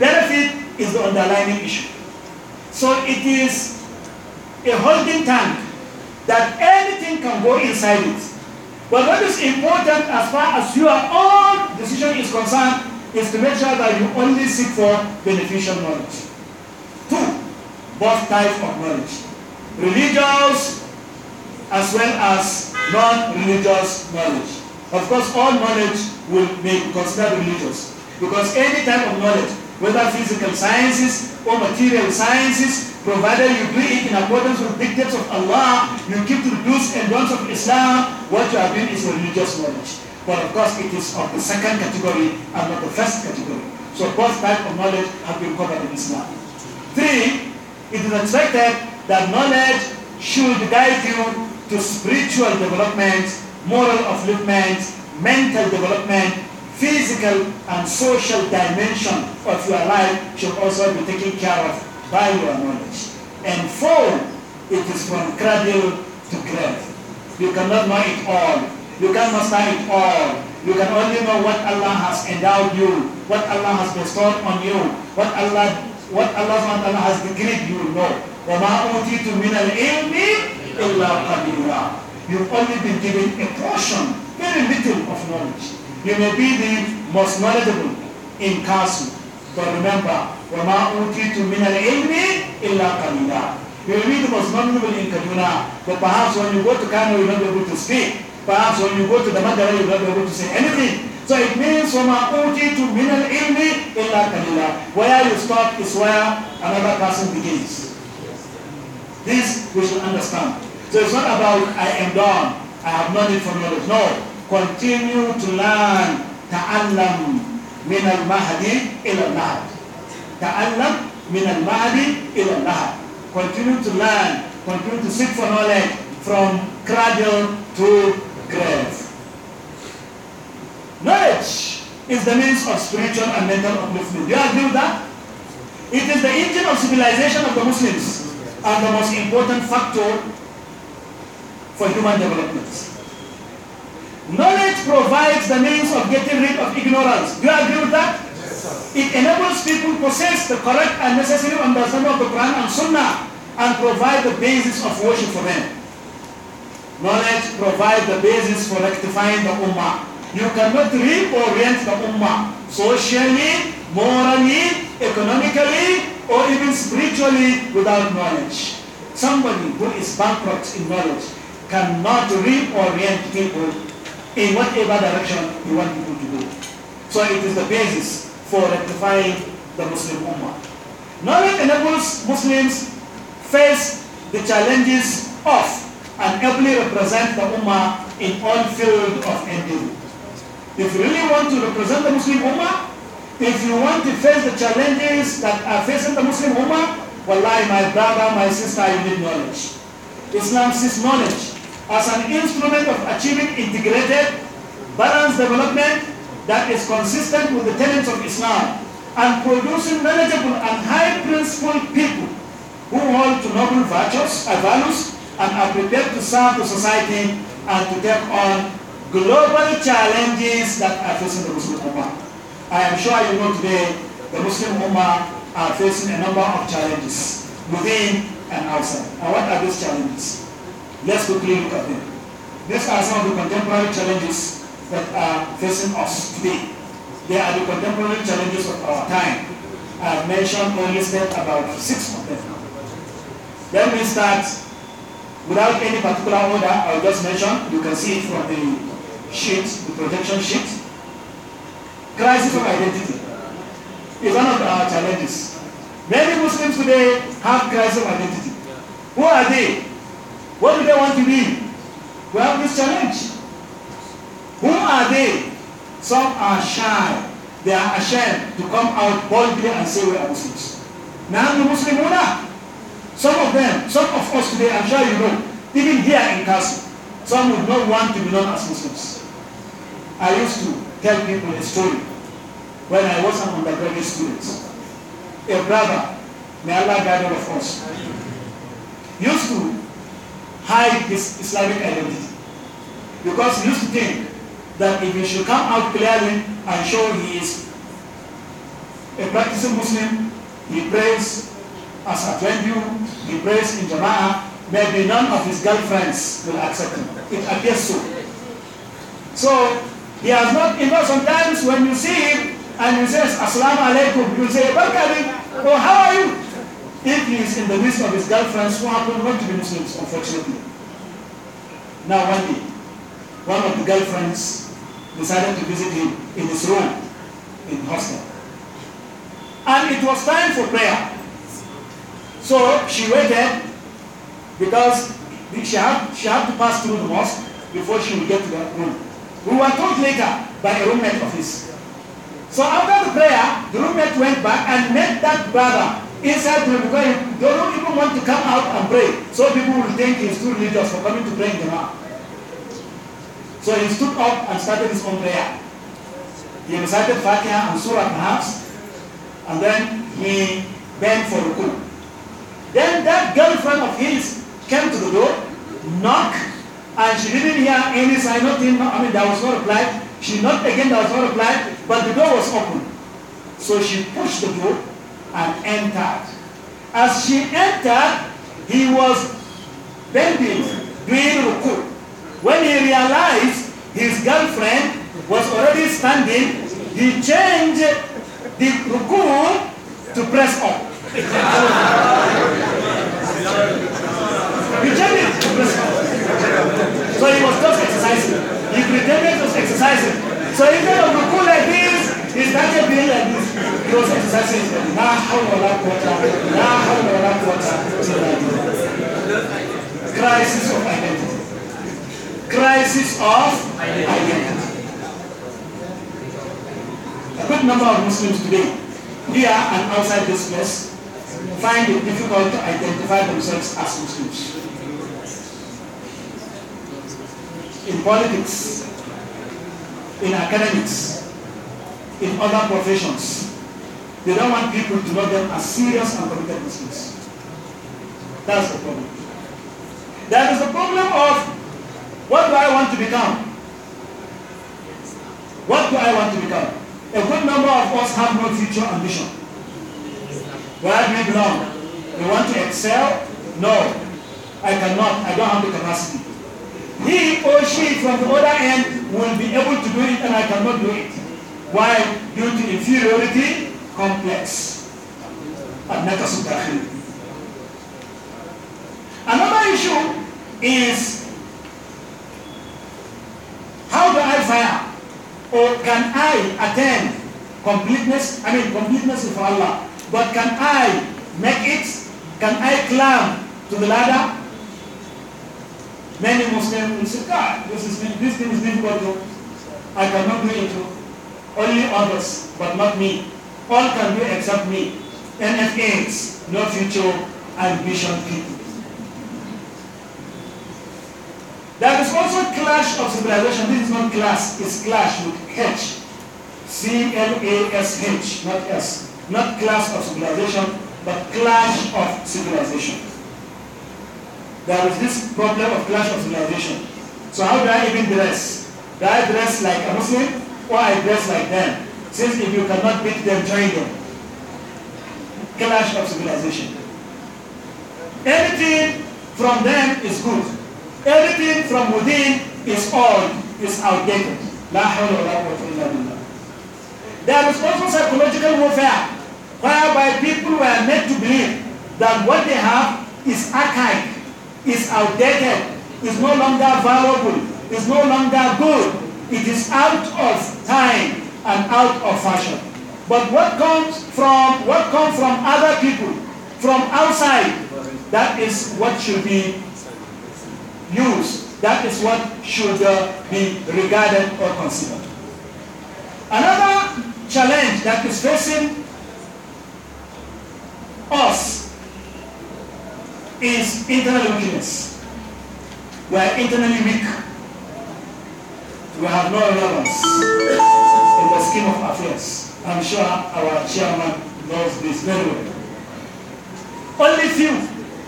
Benefit is the underlying issue. So it is a holding tank that anything can go inside it. But what is important as far as your own decision is concerned is to make sure that you only seek for beneficial knowledge. Two, both types of knowledge. Religious as well as non-religious knowledge. Of course, all knowledge will be considered religious. Because any type of knowledge, whether physical sciences or material sciences, provided you do it in accordance with dictates of Allah, you keep to the do's and don'ts of Islam, what you are doing is religious knowledge. But of course, it is of the second category and not the first category. So both types of knowledge have been covered in Islam. Three, it is expected that knowledge should guide you to spiritual development moral upliftment, mental development, physical and social dimension of your life should also be taken care of by your knowledge. And four, it is from cradle to grave. You cannot know it all. You cannot master it all. You can only know what Allah has endowed you, what Allah has bestowed on you, what Allah what Allah has decreed you know. وَمَا أُوتِيتُ مِنَ الْعِلْمِ إِلَّا قَلِيلًا You've only been given a portion, very little of knowledge. You may be the most knowledgeable in council. But remember, وَمَا أُوتِيتُ مِنَ الْعِلْمِ إِلَّا قَلِيلًا You will be the most knowledgeable in Kaduna, but perhaps when you go to Kano, you'll not be able to speak. Perhaps when you go to the Mandara, you'll not be able to say anything. So it means وَمَا to مِنَ ilmi illa قَلِيلًا Where you stop is where another person begins. This we should understand. So it's not about I am done, I have no need for knowledge. No, continue to learn. تعلم من المهد إلى النهد. تعلم من المهد إلى النهد. Continue to learn, continue to seek for knowledge from cradle to grave. Knowledge is the means of spiritual and mental upliftment. Do you agree with that? It is the engine of civilization of the Muslims and the most important factor for human development. Knowledge provides the means of getting rid of ignorance. Do you agree with that? Yes, it enables people to possess the correct and necessary understanding of the Quran and Sunnah and provide the basis of worship for them. Knowledge provides the basis for rectifying the Ummah. You cannot reorient the Ummah socially, morally, economically, or even spiritually without knowledge. Somebody who is bankrupt in knowledge cannot reorient people in whatever direction you want people to go. So it is the basis for rectifying the Muslim Ummah. Knowledge enables Muslims face the challenges of and ably represent the Ummah in all fields of endeavor. If you really want to represent the Muslim Ummah, if you want to face the challenges that are facing the Muslim Ummah, wallahi, my brother, my sister, you need knowledge. Islam sees knowledge as an instrument of achieving integrated, balanced development that is consistent with the tenets of Islam and producing knowledgeable and high-principled people who hold to noble virtues and uh, values and are prepared to serve the society and to take on global challenges that are facing the Muslim Ummah. I am sure you know today the Muslim Ummah are facing a number of challenges within and outside. And what are those challenges? Let's quickly look at them. These are some of the contemporary challenges that are facing us today. They are the contemporary challenges of our time. I've mentioned or listed about six of them. Let me start without any particular order. I'll just mention, you can see it from the sheet, the projection sheet. Crisis of identity is one of our challenges. Many Muslims today have crisis of identity. Who are they? What do they want to be? We have this challenge. Who are they? Some are shy. They are ashamed to come out boldly and say we are Muslims. Now the Muslim owner. Some of them, some of us today, I'm sure you know, even here in Castle, some would not want to be known as Muslims. I used to tell people a story when I was an undergraduate student. A brother, may Allah guide all of us, used to hide his Islamic identity. Because he used to think that if he should come out clearly and show he is a practicing Muslim, he prays as a venue, he prays in Jama'ah, maybe none of his girlfriends will accept him. It appears so. So, he has not, you know, sometimes when you see him and he says, Assalamu alaikum, you say, Welcome, oh, how are you? if he is in the midst of his girlfriends who happen not to be Muslims, unfortunately. Now one day, one of the girlfriends decided to visit him in his room in hostel. And it was time for prayer. So she waited because she had, she had to pass through the mosque before she would get to that room. We were told later by a roommate of his. So after the prayer, the roommate went back and met that brother Inside will be they don't even want to come out and pray. So people will think he's too religious for coming to pray in Jama'ah. So he stood up and started his own prayer. He recited Fatiha and Surah perhaps, and then he bent for Ruku. Then that girlfriend of his came to the door, knocked, and she didn't hear any sign, nothing, I mean, there was no reply. She knocked again, there was no reply, but the door was open. So she pushed the door, and entered. As she entered, he was bending, doing ruku. When he realized his girlfriend was already standing, he changed the ruku to press up. he changed it to press up. So he was just exercising. He pretended to exercising. So instead of ruku like this, he started doing like this those exercises, la hawla wa la quwwata, la hawla wa la quwwata Crisis of identity. Crisis of identity. A good number of Muslims today, here and outside this place, find it difficult to identify themselves as Muslims. In politics, in academics, in other professions, they don't want people to know them as serious and committed Muslims. That's the problem. There is the problem of what do I want to become? What do I want to become? A good number of us have no future ambition. Where do we belong? We want to excel? No, I cannot. I don't have the capacity. He or she from the other end will be able to do it and I cannot do it. Why? Due to inferiority, complex النفس الداخلي Another issue is how do I fire or can I attain completeness, I mean completeness of Allah, but can I make it, can I climb to the ladder? Many Muslims will say, God, ah, this, is, this thing is difficult, I cannot do it, only others, but not me. All can do except me. NFAs, no future ambition people. There is also clash of civilization. This is not class, it's clash with H. C-L-A-S-H, not S. Not class of civilization, but clash of civilization. There is this problem of clash of civilization. So how do I even dress? Do I dress like a Muslim or I dress like them? says if you cannot beat them, try them. Clash of civilization. Everything from them is good. Everything from within is old, is outdated. There is also psychological warfare whereby people were made to believe that what they have is archaic, is outdated, is no longer valuable, is no longer good, it is out of time and out of fashion. But what comes from what comes from other people, from outside, that is what should be used. That is what should uh, be regarded or considered. Another challenge that is facing us is internal weakness. We are internally weak. we have no relevance in the scheme of affairs. I'm sure our chairman knows this very well. Only few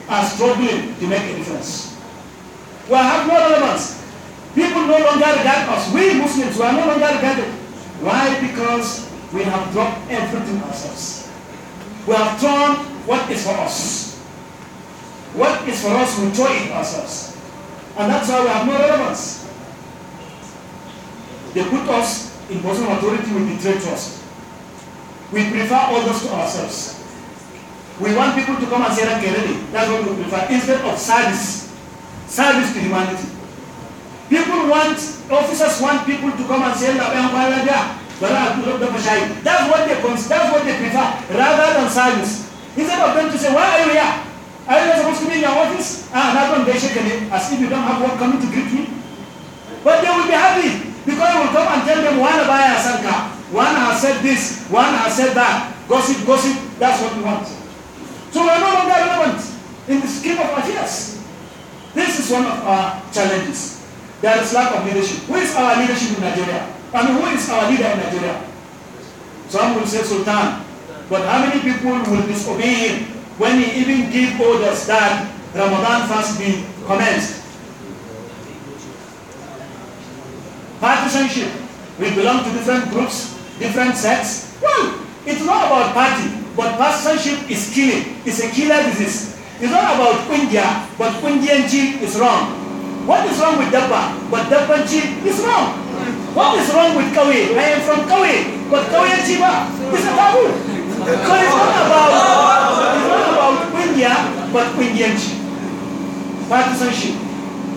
are struggling to make a difference. We have no relevance. People no longer regard us. We Muslims, we are no longer regarded. Why? Because we have dropped everything ourselves. We have thrown what is for us. What is for us, we throw it ourselves. And that's why we have no relevance. They put us in position of authority, we betray trust. We prefer those to ourselves. We want people to come and say, okay, ready. That's what we prefer, instead of service. Service to humanity. People want, officers want people to come and say, that's what they consider, that's what they prefer, rather than service. Instead of them to say, why are you here? Are you supposed to be in your office? Ah, that one they shake as if you don't have work coming to greet me. But they will be happy Because you will come and tell them, one buyer said car, one has said this, one has said that. Gossip, gossip, that's what we want. So we are no longer relevant in the scheme of affairs. This is one of our challenges. There is lack of leadership. Who is our leadership in Nigeria? And who is our leader in Nigeria? Some will say Sultan. But how many people will disobey him when he even give orders that Ramadan fast be commenced? partisanship. We belong to different groups, different sects. Well, it's not about party, but partisanship is killing. It's a killer disease. It's not about India, but Indianji is wrong. What is wrong with Dapa? But Dabbanji is wrong. What is wrong with Kawi? I am from Kawi, but Kawianji is a taboo. So it's not about, it's not about India, but Indianji. Partisanship.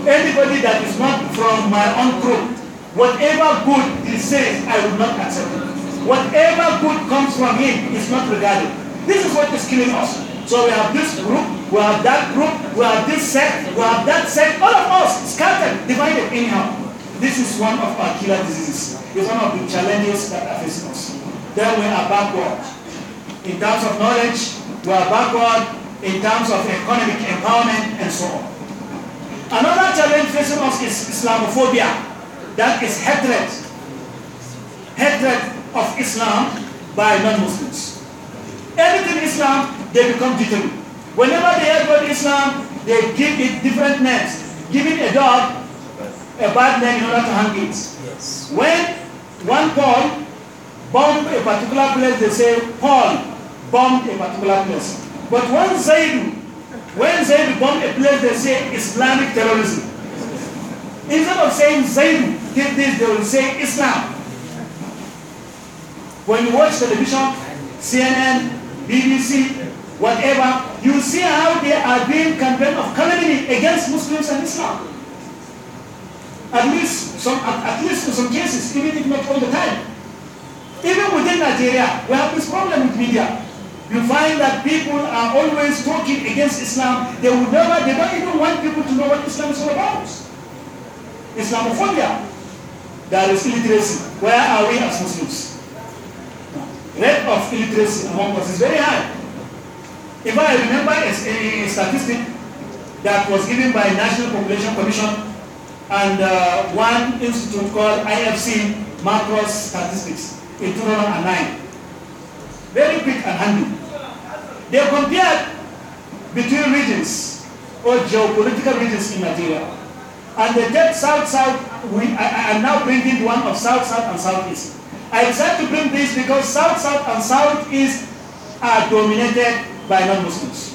Anybody that is not from my own group Whatever good he says, I will not accept it. Whatever good comes from him is not regarded. This is what is killing us. So we have this group, we have that group, we have this sect, we have that sect, all of us scattered, divided anyhow. This is one of our killer diseases. It's one of the challenges that are facing us. Then we are backward. In terms of knowledge, we are backward in terms of economic empowerment and so on. Another challenge facing us is Islamophobia. That is hatred. Hatred of Islam by non-Muslims. Everything Islam, they become jittery. Whenever they hear about Islam, they give it different names. Giving a dog a bad name in order to hang it. Yes. When one Paul bombed a particular place, they say Paul bombed a particular place. But when Zaidu, when Zaidu bombed a place, they say Islamic terrorism. Instead of saying Zaidu, Take this, they will say Islam. When you watch television, CNN, BBC, whatever, you see how they are being campaign of calumny against Muslims and Islam. At least, some, at, at least in some cases, even if not all the time. Even within Nigeria, we have this problem with media. You find that people are always talking against Islam. They would never, they don't even want people to know what Islam is all about. Islamophobia. there is illiteracy where are we as Muslims rate of illiteracy among us is very high if I remember a, a, statistic that was given by National Population Commission and uh, one institute called IFC Macro Statistics in 2009 very quick and handy they compared between regions or geopolitical regions in Nigeria And the dead south south, we, I, I, am now bringing one of south south and southeast. I decided to bring this because south south and southeast are dominated by non-Muslims.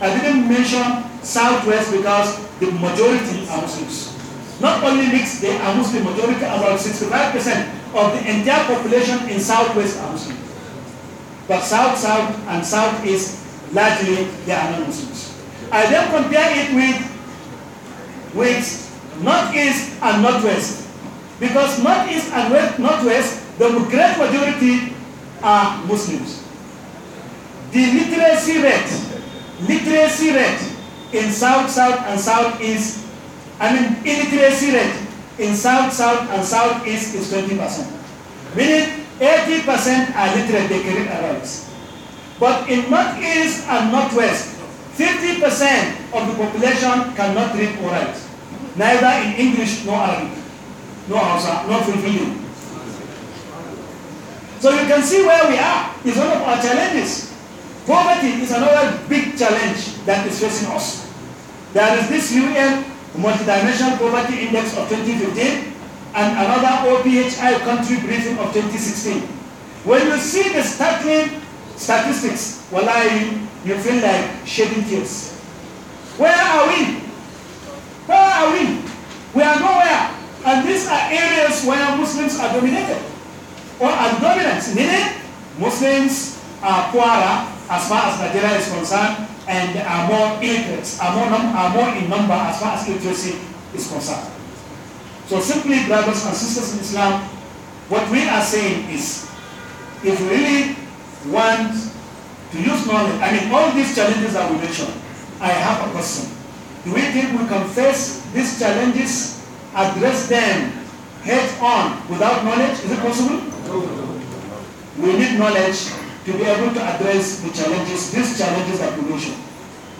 I didn't mention southwest because the majority are Muslims. Not only mixed, they are Muslim majority, about 65% of the entire population in southwest are Muslim. But south south and southeast, largely they are non-Muslims. I then compare it with with northeast and northwest. Because northeast and west, northwest, the great majority are Muslims. The literacy rate, literacy rate in south, south, and southeast, I mean, illiteracy rate in south, south, and southeast is 20%. Meaning 80% are literate, they can read and write. But in northeast and northwest, 50% of the population cannot read or write, neither in English nor Arabic, nor Hausa, nor Filipino. So you can see where we are. It's one of our challenges. Poverty is another big challenge that is facing us. There is this UN Multidimensional Poverty Index of 2015 and another OPHI country briefing of 2016. When you see the startling statistics, well, I You feel like shedding tears. Where are we? Where are we? We are nowhere. And these are areas where Muslims are dominated or are dominant, meaning Muslims are poorer as far as Nigeria is concerned and are more illiterate, are more, are more in number as far as literacy is concerned. So simply, brothers and sisters in Islam, what we are saying is, if we really want to use knowledge. I mean, all these challenges that we mentioned, I have a question. Do we think we can face these challenges, address them head on without knowledge? Is it possible? We need knowledge to be able to address the challenges, these challenges that we mentioned.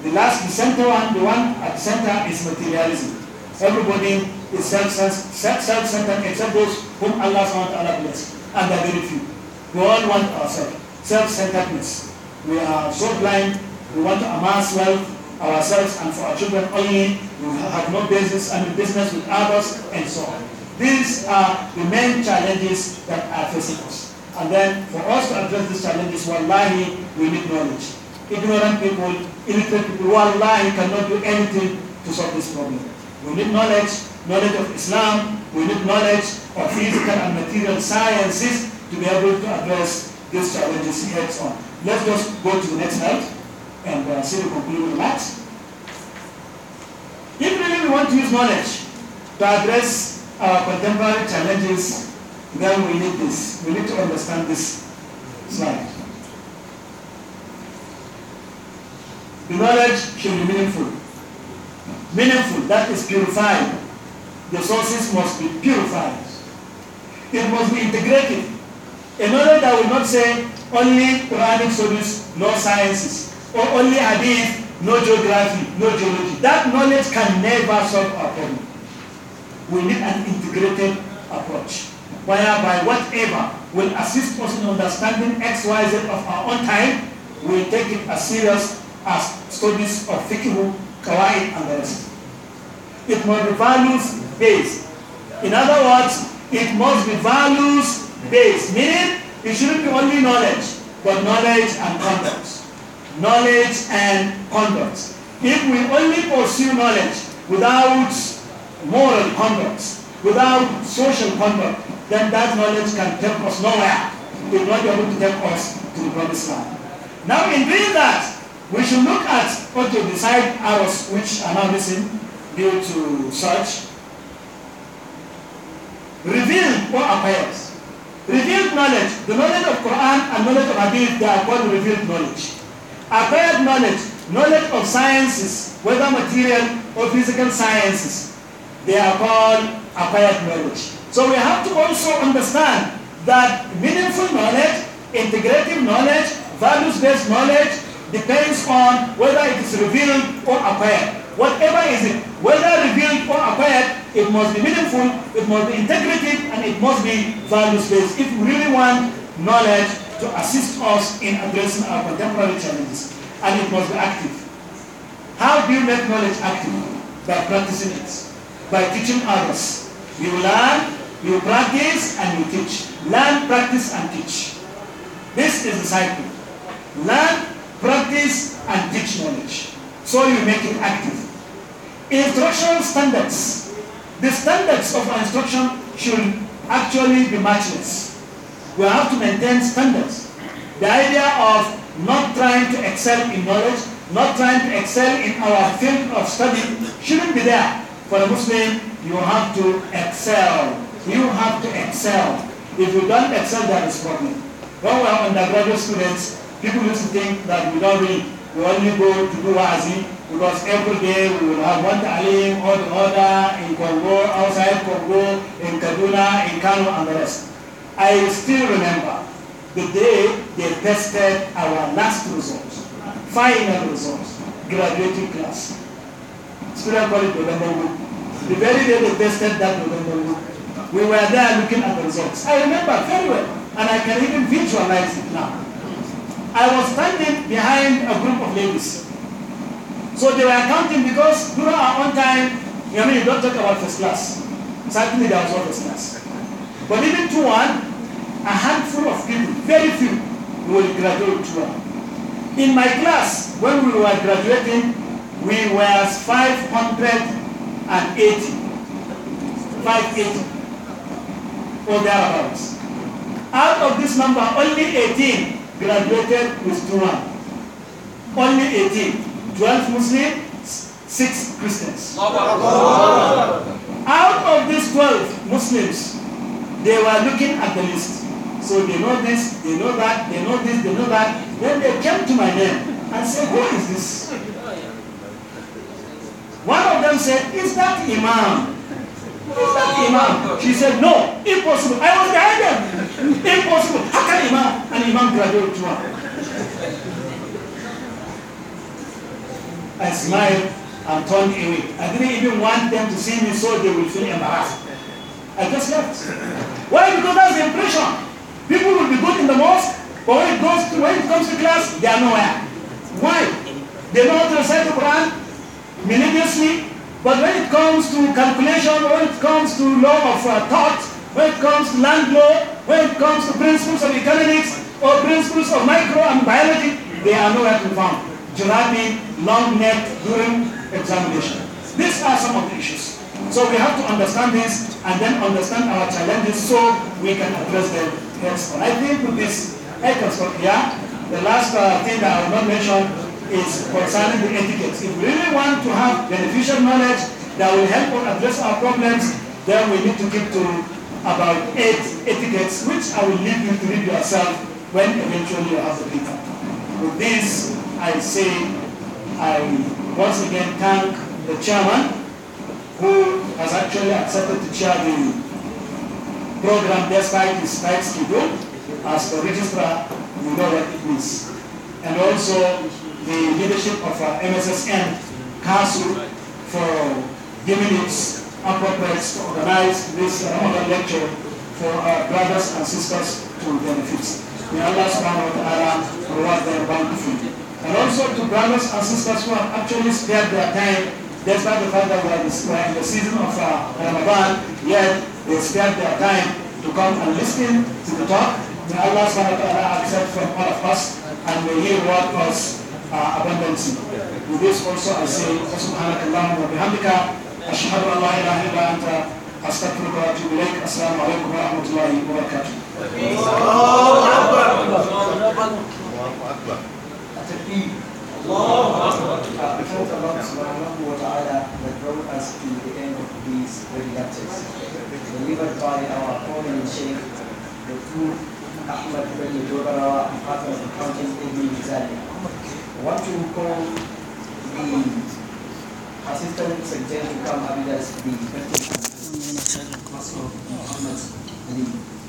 The last, the center one, the one at the center is materialism. Everybody is self-centered except those whom Allah Allah bless, and they are very few. We all want ourselves, self-centeredness we are so blind, we want to amass wealth ourselves and for our children only, we have no business and business with others, and so on. These are the main challenges that are facing us. And then for us to address these challenges, wallahi, we need knowledge. Ignorant people, illiterate people, wallahi cannot do anything to solve this problem. We need knowledge, knowledge of Islam, we need knowledge of physical and material sciences to be able to address these challenges heads on. Let's just go to the next slide and uh, see the of that. If really we want to use knowledge to address our contemporary challenges, then we need this. We need to understand this slide. The knowledge should be meaningful. Meaningful, that is purified. The sources must be purified. It must be integrated a knowledge that will not say only Quranic studies, no sciences, or only Hadith, no geography, no geology. That knowledge can never solve our problem. We need an integrated approach, whereby whatever will assist us in understanding X, Y, Z of our own time, we take it as serious as studies of fiqh, kawaii, and the rest. It must be values based. In other words, it must be values base, meaning it shouldn't be only knowledge, but knowledge and conduct. Knowledge and conduct. If we only pursue knowledge without moral conduct, without social conduct, then that knowledge can take us nowhere. It will not be able to take us to the promised land. Now, in doing that, we should look at what to decide arrows which are now missing due to search, reveal what appears. revealed knowledge the knowledge of quran and knowledge of hadith they are called revealed knowledge acquired knowledge knowledge of sciences whether material or physical sciences they are called acquired knowledge so we have to also understand that meaningful knowledge integrative knowledge values-based knowledge depends on whether it is revealed or acquired whatever is it whether revealed or acquired It must be meaningful, it must be integrative, and it must be value-based if we really want knowledge to assist us in addressing our contemporary challenges. And it must be active. How do you make knowledge active? By practicing it, by teaching others. You learn, you practice, and you teach. Learn, practice, and teach. This is the cycle. Learn, practice, and teach knowledge. So you make it active. Instructional standards the standards of our instruction should actually be matchless. We have to maintain standards. The idea of not trying to excel in knowledge, not trying to excel in our field of study shouldn't be there. For a Muslim, you have to excel. You have to excel. If you don't excel, that is problem. When we are undergraduate students, people used to think that we don't read we only go to do because every day we will have one ta'aleem or the other in Congo, outside Congo, in Kaduna, in Kano, and the rest. I still remember the day they tested our last results, final results, graduating class. Student College November Group. The very day they tested that November we were there looking at the results. I remember very well, and I can even visualize it now. I was standing behind a group of ladies. So they were counting because during our own time, I mean, you don't talk about first class. Certainly there was no first class. But even to one, a handful of people, very few, will graduate to one. In my class, when we were graduating, we were 580. 580 or thereabouts. Out of this number, only 18 graduated with Quran. Only eighteen, twelve Muslims, six Christians. Out of these twelve Muslims, they were looking at the list. So they know this, they know that, they know this, they know that. Then they came to my name and said, Who is this? One of them said, Is that Imam? Imam. She said, no, impossible. I was behind them. Impossible. How can Imam? And Imam graduated to her. I smiled and turned away. I didn't even want them to see me so they will feel embarrassed. I just left. Why? Because that's the impression. People will be good in the mosque, but when it, goes to, when it comes to class, they are nowhere. Why? They know how to recite the Quran, minutiously, but when it comes to calculation, when it comes to law of uh, thought, when it comes to land law, when it comes to principles of economics or principles of micro and biology, they are nowhere to be found. Jurabi, long neck, during examination. These are some of the issues. So we have to understand this and then understand our challenges so we can address them henceforth. I think with this, I can stop here. The last uh, thing that I will not mention is concerning the etiquette. If we really want to have beneficial knowledge that will help us address our problems, then we need to keep to about eight etiquettes, which I will leave you to read yourself when eventually you have the paper. With this, I say I once again thank the chairman who has actually accepted to chair the program despite his tight schedule. As the registrar, you know what it means. And also the leadership of our uh, MSSN Council for giving its appropriate to organize this uh, lecture for our brothers and sisters to benefit. May Allah subhanahu wa ta'ala reward their bountifully. And also to brothers and sisters who have actually spared their time, despite the fact that we are in the season of uh, Ramadan, yet they spared their time to come and listen to the talk. May Allah subhanahu wa ta'ala accept from all of us and may He reward us uh, abundantly. With this also I say, سبحانك اللهم وبحمدك أشهد أن لا إله إلا أنت أستغفرك وأتوب إليك السلام عليكم ورحمة الله وبركاته. الله أكبر الله أكبر التكبير الله أكبر We thank Allah subhanahu wa ta'ala that brought us to the end of these very lectures delivered by our prominent sheikh, the true Ahmad Bali Jodarawa, and of the county, Ibn Zali what you call the assistant secretary to come up as the President